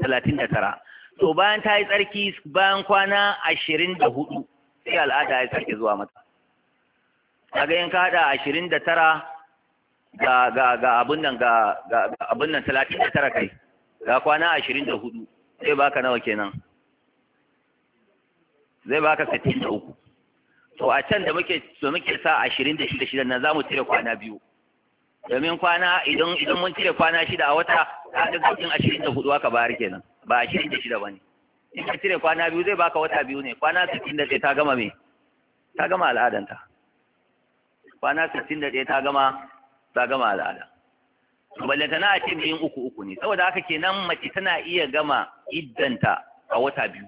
talatin da tara to bayan ta yi tsarki bayan kwana ashirin da hudu sai al'ada ya sake zuwa mata a ga ka haɗa ashirin da tara ga ga ga nan ga ga nan talatin da tara kai ga kwana ashirin da hudu zai baka nawa kenan zai baka sittin da uku to a can da muke da muke sa ashirin da shida shida nan za mu cire kwana biyu domin kwana idan idan mun cire kwana shida a wata a ga gajin ashirin da hudu aka bayar kenan ba ashirin da shida ba ne in ka cire kwana biyu zai baka wata biyu ne kwana sittin da ɗaya ta gama me ta gama al'adanta kwana sittin da ɗaya ta gama ta gama al'ada balle tana a ce biyun uku uku ne saboda haka kenan mace tana iya gama iddanta a wata biyu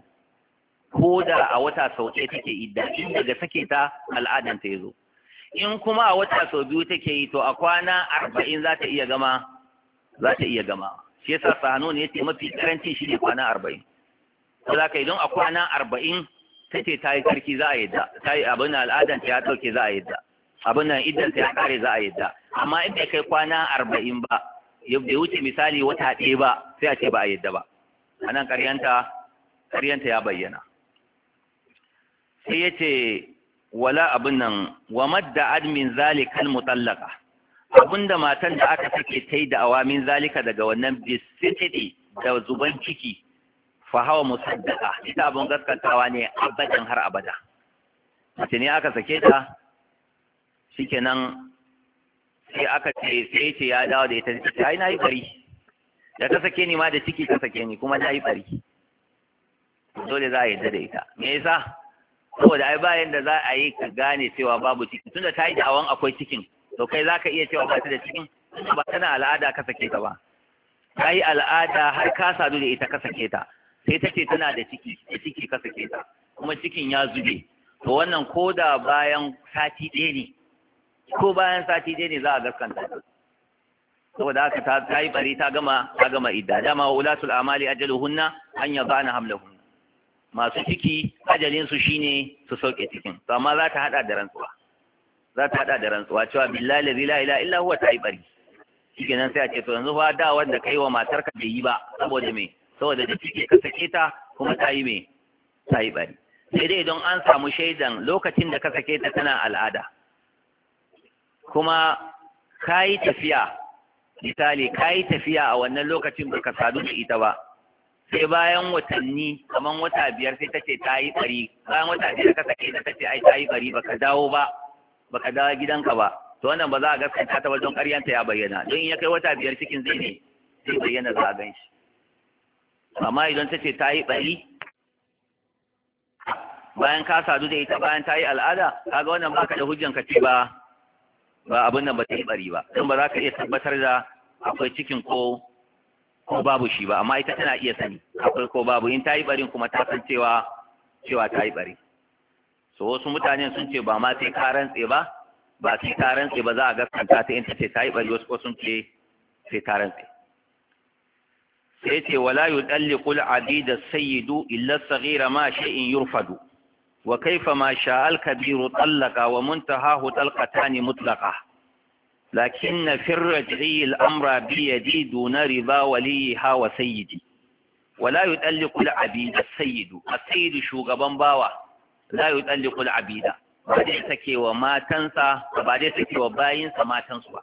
ko da a wata sau ɗaya take idda in daga sake ta al'adanta ya zo in kuma a wata sau biyu take yi to a kwana arba'in za ta iya gama za ta iya gama shi yasa hannu ne ce mafi karanci shi ne kwana arba'in ko za ka idan a kwana arba'in ta ce ta yi sarki za a yadda ta yi abin da al'adar ta ya ɗauke za a yadda abin da idan ta ya kare za a yadda amma in bai kai kwana arba'in ba ya wuce misali wata ɗaya ba sai a ce ba a yadda ba anan ƙaryanta ƙaryanta ya bayyana sai ya ce wala abin nan wa madda admin zalikal mutallaka abinda matan da aka take tai da awamin zalika daga wannan bisitidi da zuban ciki fa hawa musaddaqa ita abin gaskatawa ne abadan har abada mace ne aka sake ta shikenan sai aka ce sai ce ya dawo da ita ta ai yi bari da ta sake ni ma da ciki ta sake ni kuma na yi bari dole za a yarda da ita me yasa saboda ai bayan da za a yi ka gane cewa babu ciki tunda ta yi da'awan akwai cikin to kai za ka iya cewa ba ta da cikin ba tana al'ada ka sake ta ba ta yi al'ada har ka sadu da ita ka sake ta sai ta ce tana da ciki da ciki ka sake ta kuma cikin ya zube to wannan ko da bayan sati ɗaya ne ko bayan sati ɗaya ne za a gaskanta ta saboda haka ta yi bari ta gama ta gama idda dama wulatul amali ajaluhunna an na hamlahun masu ciki ajalinsu shine su sauke cikin to amma za ta hada da rantsuwa za ta hada da rantsuwa cewa billahi la ilaha illa huwa ta yi bari nan sai a ce to yanzu fa da wanda kai wa matarka bai yi ba saboda me saboda da ciki ka sake ta kuma ta yi me ta yi bari sai dai don an samu shaidan lokacin da ka sake ta tana al'ada kuma kayi tafiya misali kayi tafiya a wannan lokacin baka sadu da ita ba sai bayan watanni kamar wata biyar sai ta ce ta yi ɓari bayan wata biyar ka sake ta ce ai ta yi ɓari baka dawo ba baka dawo gidanka ba to wannan ba za a gaskata ta wajen ƙaryanta ya bayyana don in ya kai wata biyar cikin zai ne zai bayyana za a gan shi amma idan ta ce ta yi ɓari bayan ka sadu da ita bayan ta yi al'ada kaga wannan ka da hujjan ka ce ba ba abin nan ba ta yi bari ba don ba za ka iya tabbatar da akwai cikin ko ko babu shi ba amma ita tana iya sani akwai ko babu in ta yi barin kuma ta san cewa cewa ta yi bari so wasu mutanen sun ce ba ma sai ka rantse ba ba sai ka rantse ba za a gaskanta ta in ta ce ta yi bari wasu ko sun ce sai ta rantse sai ce wala yudalliqu al-abid as-sayyid illa as-saghira ma shay'in yurfadu wa kaifa ma sha'a al kabiru tallaqa wa muntahahu talqatan mutlaqa لكن في الرجعي الأمر بيدي دون رضا وليها وسيدي ولا يطلق العبيد السيد السيد شوغبان باوا لا يطلق العبيد ba dai sake wa matansa ba dai sake wa bayinsa matansu ba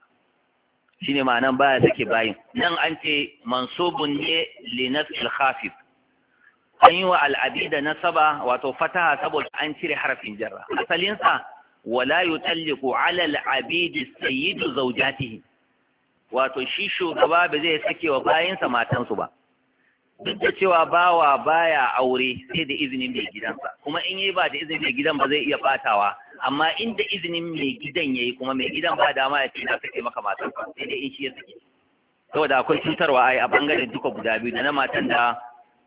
shine ma'anan baya sake bayin nan an ce mansubun ne li nafsil khafif an yi al'abida nasaba wato fataha saboda an cire harafin jarra asalinsa wala yutalliqu ala al abidi sayyidu zawjatihi wato shi shugaba ba zai sake wa bayansa matansu ba duk da cewa bawa baya aure sai da izinin mai gidansa kuma in yi ba da izinin mai gidan ba zai iya batawa amma inda izinin mai gidan ya yi kuma mai gidan ba dama ya ce na sake maka matan sa sai dai in shi ya sake saboda akwai cutarwa ai a bangaren duka guda biyu da na matan da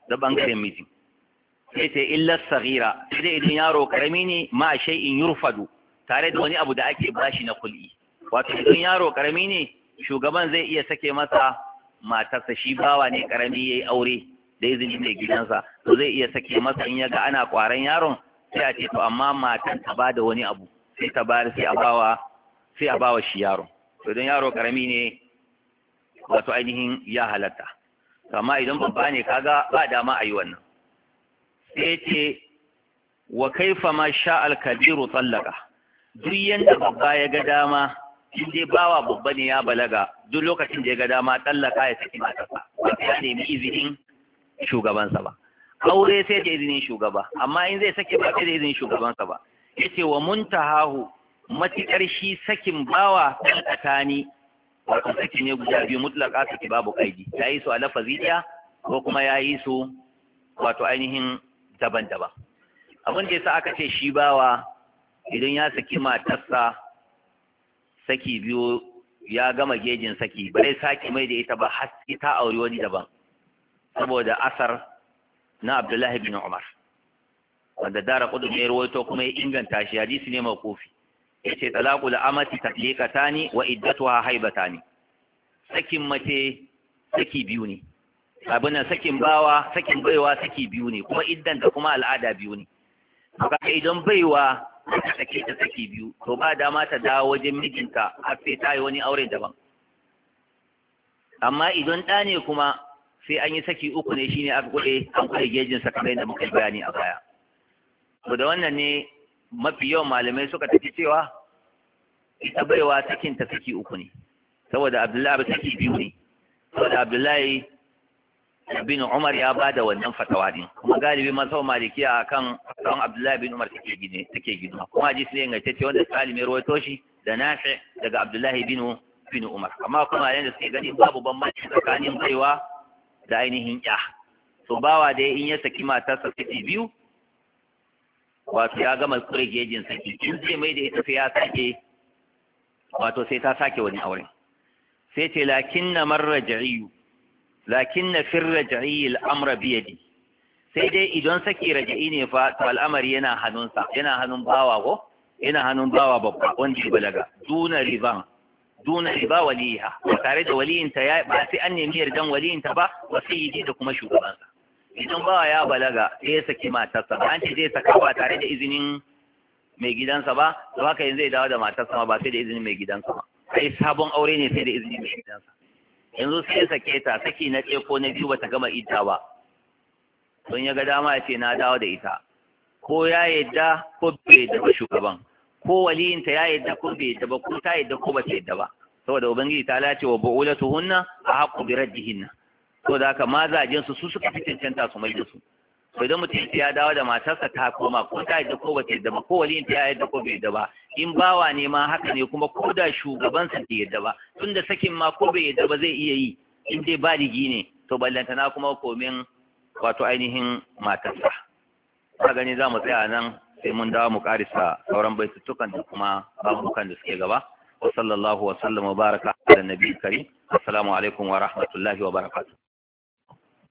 da bangaren miji sai ta illa sagira sai dai idan yaro karami ne ma shay'in yurfadu tare da wani abu da ake bashi na kul'i wato idan yaro karami ne shugaban zai iya sake masa matarsa shi bawa ne karami yayi aure da izinin mai gidansa to zai iya sake masa in ya ga ana kwaran yaron sai a ce to amma matan ta bada wani abu sai ta bayar sai a bawa sai a bawa shi yaron to idan yaro karami ne wato ainihin ya halatta amma idan babba ne kaga ba dama a yi wannan sai ce wa kaifa ma sha al-kabiru tsallaka duk yanda babba ya ga dama in dai bawa babba ne ya balaga duk lokacin da ya ga dama tallaka ya saki matarsa ba ya nemi izinin shugabansa ba aure sai da izinin shugaba amma in zai sake ba sai da izinin shugabansa ba Ya ce wa muntahahu matikar shi sakin bawa tsakani wato saki ne guda biyu mutlaka saki babu kaidi ya yi su a lafazi ɗaya ko kuma ya yi su wato ainihin daban-daban abin da yasa aka ce shi bawa idan ya saki matarsa saki biyu ya gama gejin saki ba zai saki mai da ita ba har ta auri wani daban saboda asar na Abdullahi bin Umar wanda dara kudu ne ruwaito kuma ya inganta shi hadisi ne mai kofi. yace talaqul amati tatliqatani wa iddatuha haibatani sakin mace saki biyu ne abin nan sakin bawa sakin baiwa saki biyu ne kuma iddan da kuma al'ada biyu ne kaga idan baiwa ta take ta saki biyu to ba dama ta dawo wajen mijinta har sai ta yi wani aure daban amma idan ɗa ne kuma sai an yi saki uku ne shine aka kuɗe an kuɗe gejin sa kamar yadda muka bayani a baya to da wannan ne mafi yawan malamai suka tafi cewa ita baiwa sakin ta saki uku ne saboda Abdullahi saki biyu ne saboda Abdullahi bin Umar ya bada wannan fatawa din kuma galibi maliki a kan don Abdullahi bin Umar take gine take gina kuma hadisi ne tace wanda Salim ya rawaito shi da Nafi daga Abdullahi bin bin Umar amma kuma yanda suke gani babu bambanci tsakanin baiwa da ainihin ya so bawa dai in ya saki matarsa sai biyu wato ya gama kure gejin saki in zai mai da ita sai ya sake wato sai ta sake wani auren sai ce lakin na marra jariyu lakin na fir raja'i al'amra biyadi sai dai idan sake raja'i ne fa to al'amari yana hannunsa yana hannun bawa ko yana hannun bawa babba wanda ya balaga duna riban duna riba waliha ba tare da waliyinta ya ba sai an nemi yardan waliyinta ba wa sayyidi da kuma shugabansa idan bawa ya balaga sai ya saki matarsa ba an ce zai saka ba tare da izinin mai gidansa ba to haka yanzu zai dawo da matarsa ba sai da izinin mai gidansa ba sai sabon aure ne sai da izinin mai gidansa yanzu sai sake ta saki na ɗaya ko na biyu bata gama ita ba don ya ga dama ya ce na dawo da ita ko ya yadda ko bai yadda ba shugaban ko waliyinta ya yadda ko bai yadda ba ko ta yadda ko bata yadda ba saboda ubangiji ta lace wa hunna a haqqu bi raddihinna saboda haka mazajin su su suka fi cancanta su mai da su to idan mutum ya dawo da matarsa ta koma ko ta yadda ko bata yadda ba ko wali ta yadda ko bai yadda ba in bawa ne ma haka ne kuma ko da sa bai yadda ba tunda sakin ma ko bai yadda ba zai iya yi in dai baligi ne to ballantana kuma komin wato ainihin matarsa ka gani za mu tsaya nan sai mun dawo mu karisa sauran baitutukan da kuma babukan da suke gaba wa sallallahu wa sallama baraka ala nabiyyi karim assalamu alaikum wa rahmatullahi wa barakatuh